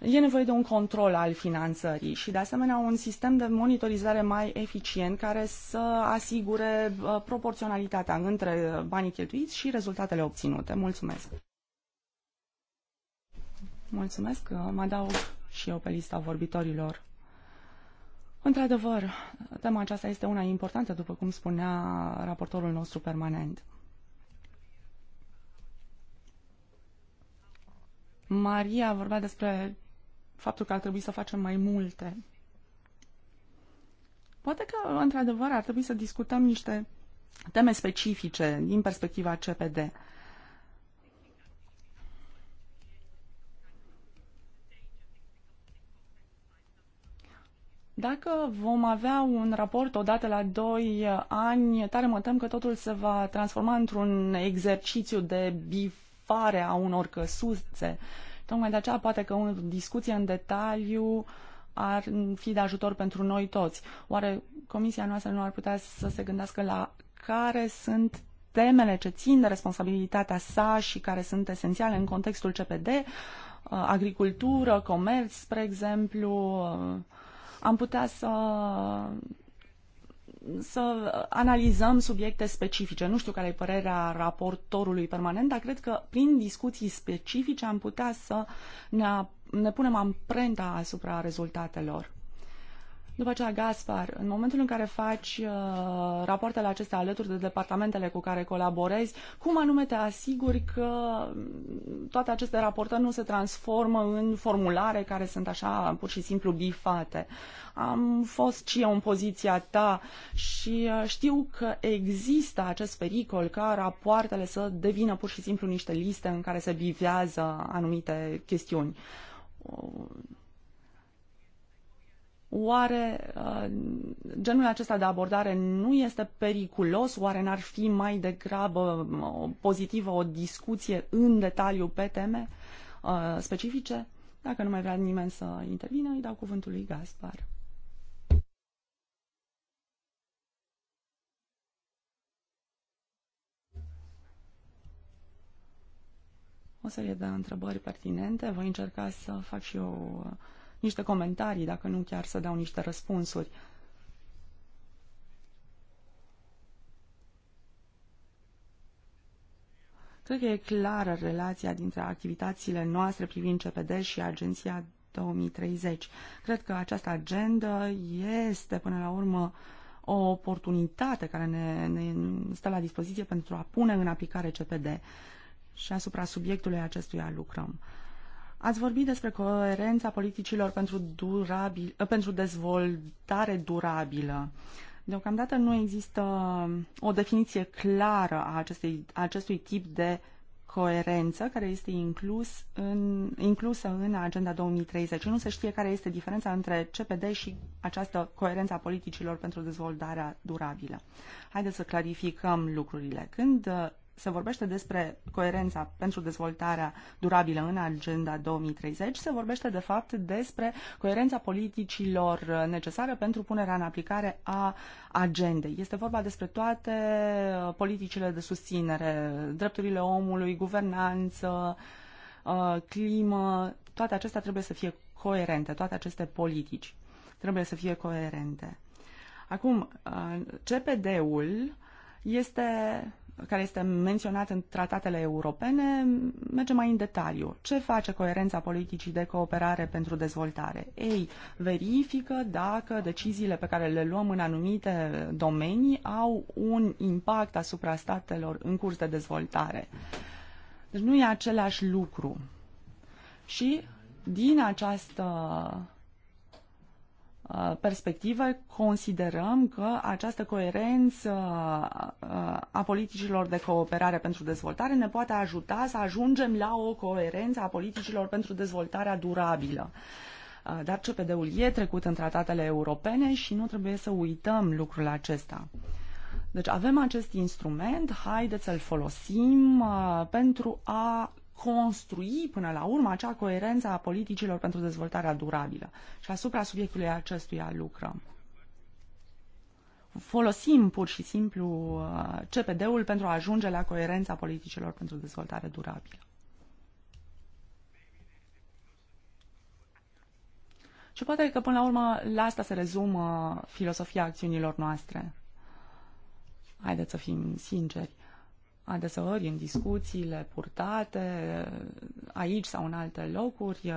E nevoie de un control al finanțării și, de asemenea, un sistem de monitorizare mai eficient care să asigure uh, proporționalitatea între banii cheltuiți și rezultatele obținute. Mulțumesc! Mulțumesc că uh, mă adaug și eu pe lista vorbitorilor. Într-adevăr, tema aceasta este una importantă, după cum spunea raportorul nostru permanent. Maria vorbea despre faptul că ar trebui să facem mai multe. Poate că, într-adevăr, ar trebui să discutăm niște teme specifice din perspectiva CPD. Dacă vom avea un raport odată la doi ani, tare mă tem că totul se va transforma într-un exercițiu de bifare a unor căsuțe Tocmai de aceea poate că o discuție în detaliu ar fi de ajutor pentru noi toți. Oare comisia noastră nu ar putea să se gândească la care sunt temele ce țin de responsabilitatea sa și care sunt esențiale în contextul CPD, uh, agricultură, comerț, spre exemplu, uh, am putea să să analizăm subiecte specifice. Nu știu care e părerea raportorului permanent, dar cred că prin discuții specifice am putea să ne, ne punem amprenta asupra rezultatelor. După aceea, Gaspar, în momentul în care faci uh, rapoartele acestea alături de departamentele cu care colaborezi, cum anume te asiguri că mm, toate aceste raportări nu se transformă în formulare care sunt așa pur și simplu bifate? Am fost și eu în poziția ta și uh, știu că există acest pericol ca rapoartele să devină pur și simplu niște liste în care se bivează anumite chestiuni Oare uh, genul acesta de abordare nu este periculos? Oare n-ar fi mai degrabă o uh, pozitivă o discuție în detaliu pe teme uh, specifice? Dacă nu mai vrea nimeni să intervină, îi dau cuvântul lui Gaspar. O serie de întrebări pertinente. Voi încerca să fac și eu uh, niște comentarii, dacă nu chiar să dau niște răspunsuri. Cred că e clară relația dintre activitățile noastre privind CPD și Agenția 2030. Cred că această agendă este, până la urmă, o oportunitate care ne, ne stă la dispoziție pentru a pune în aplicare CPD și asupra subiectului acestuia lucrăm. Ați vorbit despre coerența politicilor pentru, durabil, ă, pentru dezvoltare durabilă. Deocamdată nu există o definiție clară a acestei, a acestui tip de coerență care este inclus în, inclusă în Agenda 2030. Nu se știe care este diferența între CPD și această coerență a politicilor pentru dezvoltarea durabilă. Haideți să clarificăm lucrurile. Când ă, se vorbește despre coerența pentru dezvoltarea durabilă în Agenda 2030, se vorbește de fapt despre coerența politicilor necesare pentru punerea în aplicare a agendei. Este vorba despre toate uh, politicile de susținere, drepturile omului, guvernanță, uh, climă, toate acestea trebuie să fie coerente, toate aceste politici trebuie să fie coerente. Acum, uh, CPD-ul este care este menționat în tratatele europene merge mai în detaliu. Ce face coerența politicii de cooperare pentru dezvoltare? Ei verifică dacă deciziile pe care le luăm în anumite domenii au un impact asupra statelor în curs de dezvoltare. Deci nu e același lucru. Și din această Uh, perspective, considerăm că această coerență uh, a politicilor de cooperare pentru dezvoltare ne poate ajuta să ajungem la o coerență a politicilor pentru dezvoltarea durabilă. Uh, dar CPD-ul e trecut în tratatele europene și nu trebuie să uităm lucrul acesta. Deci avem acest instrument, haideți să-l folosim pentru a construi până la urmă acea coerență a politicilor pentru dezvoltarea durabilă. Și asupra subiectului acestuia lucrăm. Folosim pur și simplu uh, CPD-ul pentru a ajunge la coerența politicilor pentru dezvoltare durabilă. Și poate că până la urmă la asta se rezumă filosofia acțiunilor noastre. Haideți să fim sinceri adeseori în discuțiile purtate aici sau în alte locuri,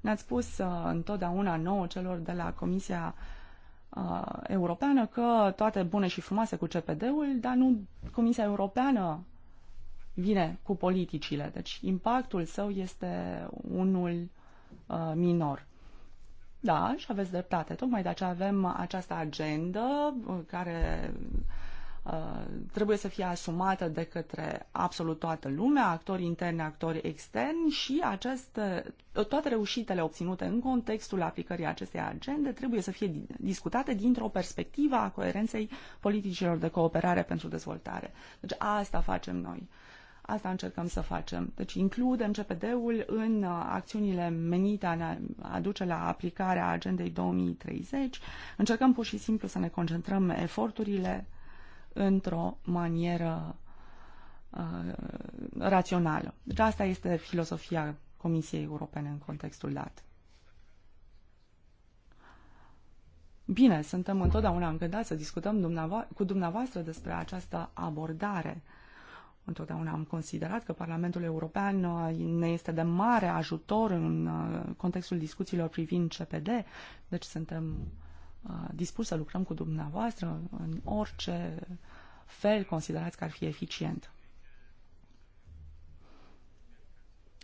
ne-ați spus uh, întotdeauna nouă celor de la Comisia uh, Europeană că toate bune și frumoase cu CPD-ul, dar nu Comisia Europeană vine cu politicile. Deci impactul său este unul uh, minor. Da, și aveți dreptate. Tocmai de aceea avem această agendă care Uh, trebuie să fie asumată de către absolut toată lumea, actori interni, actori externi și aceste, toate reușitele obținute în contextul aplicării acestei agende trebuie să fie discutate dintr-o perspectivă a coerenței politicilor de cooperare pentru dezvoltare. Deci asta facem noi. Asta încercăm să facem. Deci includem CPD-ul în uh, acțiunile menite a ne aduce la aplicarea agendei 2030. Încercăm pur și simplu să ne concentrăm eforturile într-o manieră uh, rațională. Deci asta este filosofia Comisiei Europene în contextul dat. Bine, suntem întotdeauna încântați să discutăm dumneavo- cu dumneavoastră despre această abordare. Întotdeauna am considerat că Parlamentul European uh, ne este de mare ajutor în uh, contextul discuțiilor privind CPD, deci suntem dispus să lucrăm cu dumneavoastră în orice fel considerați că ar fi eficient.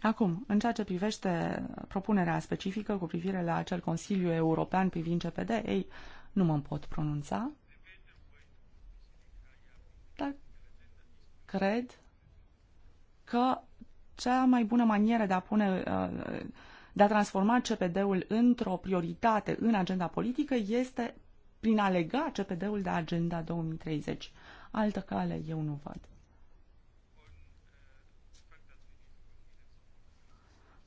Acum, în ceea ce privește propunerea specifică cu privire la acel Consiliu European privind CPD, ei, nu mă pot pronunța, dar cred că cea mai bună manieră de a pune uh, de a transforma CPD-ul într-o prioritate în agenda politică este prin a lega CPD-ul de agenda 2030. Altă cale eu nu văd.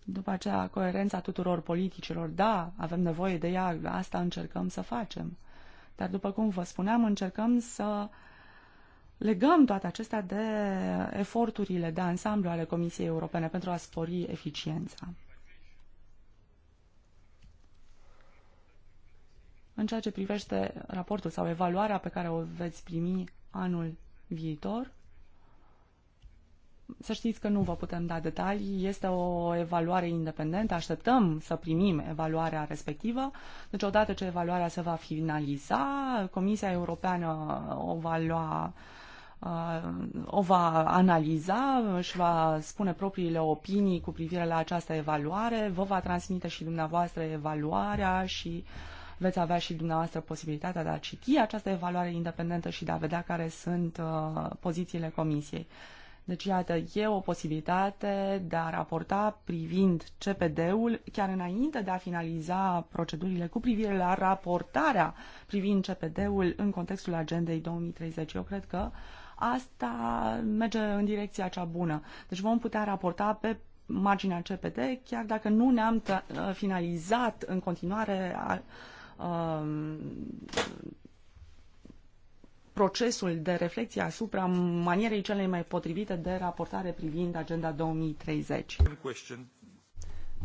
După aceea, coerența tuturor politicilor, da, avem nevoie de ea, asta încercăm să facem. Dar după cum vă spuneam, încercăm să legăm toate acestea de eforturile de ansamblu ale Comisiei Europene pentru a spori eficiența. în ceea ce privește raportul sau evaluarea pe care o veți primi anul viitor. Să știți că nu vă putem da detalii, este o evaluare independentă, așteptăm să primim evaluarea respectivă. Deci odată ce evaluarea se va finaliza, Comisia Europeană o va lua uh, o va analiza, își va spune propriile opinii cu privire la această evaluare, vă va transmite și dumneavoastră evaluarea și uh, veți avea și dumneavoastră posibilitatea de a citi această evaluare independentă și de a vedea care sunt uh, pozițiile comisiei. Deci, iată, e o posibilitate de a raporta privind CPD-ul chiar înainte de a finaliza procedurile cu privire la raportarea privind CPD-ul în contextul agendei 2030. Eu cred că asta merge în direcția cea bună. Deci vom putea raporta pe marginea CPD, chiar dacă nu ne-am uh, finalizat în continuare Um, procesul de reflexie asupra manierei cele mai potrivite de raportare privind Agenda 2030.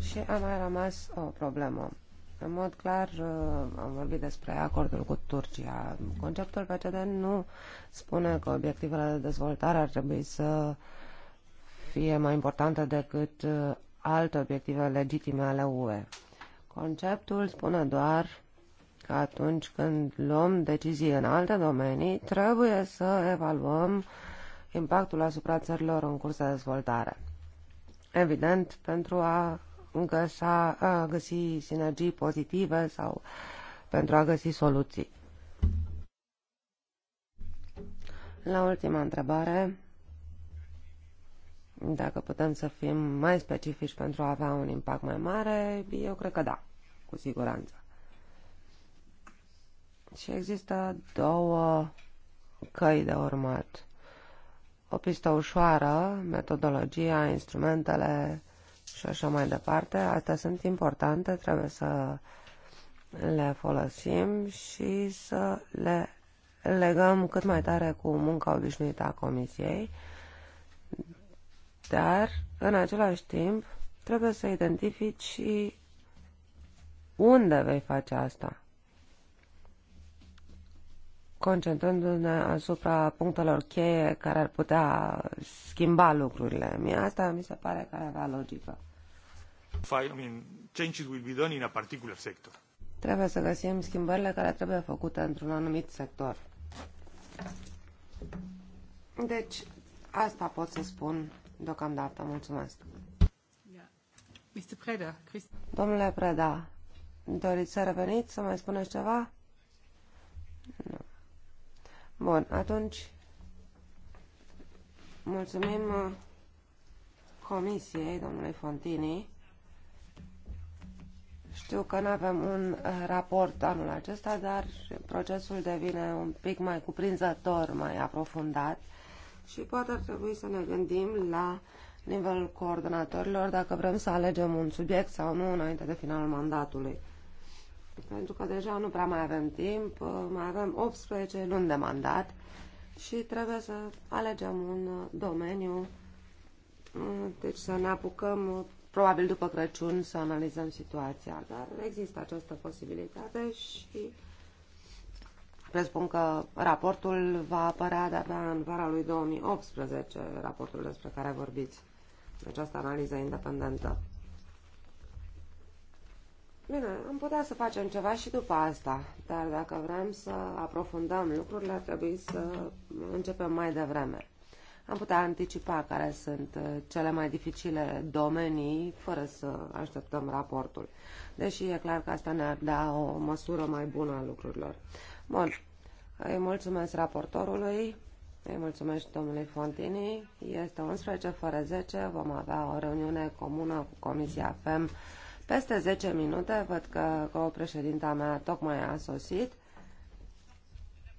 Și a mai rămas o problemă. În mod clar, uh, am vorbit despre acordul cu Turcia. Conceptul PCD nu spune că obiectivele de dezvoltare ar trebui să fie mai importante decât uh, alte obiective legitime ale UE. Conceptul spune doar că atunci când luăm decizii în alte domenii, trebuie să evaluăm impactul asupra țărilor în curs de dezvoltare. Evident, pentru a, găsa, a găsi sinergii pozitive sau pentru a găsi soluții. La ultima întrebare, dacă putem să fim mai specifici pentru a avea un impact mai mare, eu cred că da, cu siguranță. Și există două căi de urmat. O pistă ușoară, metodologia, instrumentele și așa mai departe, astea sunt importante, trebuie să le folosim și să le legăm cât mai tare cu munca obișnuită a comisiei, dar în același timp trebuie să identifici și unde vei face asta concentrându-ne asupra punctelor cheie care ar putea schimba lucrurile. Mie asta mi se pare că ar avea logică. I mean, changes will be done in a particular sector. Trebuie să găsim schimbările care trebuie făcute într-un anumit sector. Deci, asta pot să spun deocamdată. Mulțumesc. Mr. Preda, Domnule Preda, doriți să reveniți, să mai spuneți ceva? Bun, atunci mulțumim uh, comisiei, domnului Fontini. Știu că nu avem un uh, raport anul acesta, dar procesul devine un pic mai cuprinzător, mai aprofundat și poate ar trebui să ne gândim la nivelul coordonatorilor dacă vrem să alegem un subiect sau nu înainte de finalul mandatului pentru că deja nu prea mai avem timp, uh, mai avem 18 luni de mandat și trebuie să alegem un uh, domeniu, uh, deci să ne apucăm probabil după Crăciun să analizăm situația, dar există această posibilitate și presupun că raportul va apărea de-abia în vara lui 2018, raportul despre care vorbiți, deci această analiză independentă. Bine, am putea să facem ceva și după asta, dar dacă vrem să aprofundăm lucrurile, ar trebui să începem mai devreme. Am putea anticipa care sunt uh, cele mai dificile domenii fără să așteptăm raportul. Deși e clar că asta ne-ar da o măsură mai bună a lucrurilor. Bun, îi mulțumesc raportorului, îi mulțumesc domnului Fontini. Este 11 fără 10, vom avea o reuniune comună cu Comisia FEM peste 10 minute, văd că co-președinta mea tocmai a sosit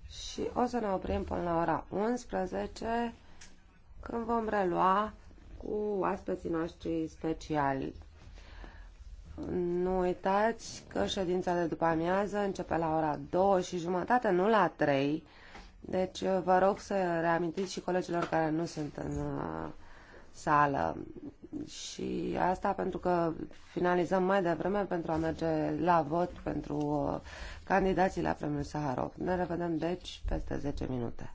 și o să ne oprim până la ora 11, când vom relua cu aspeții noștri speciali. Nu uitați că ședința de după amiază începe la ora 2 și jumătate, nu la 3. Deci vă rog să reamintiți și colegilor care nu sunt în uh, sală și asta pentru că finalizăm mai devreme pentru a merge la vot pentru uh, candidații la premiul Saharov. Ne revedem deci peste 10 minute.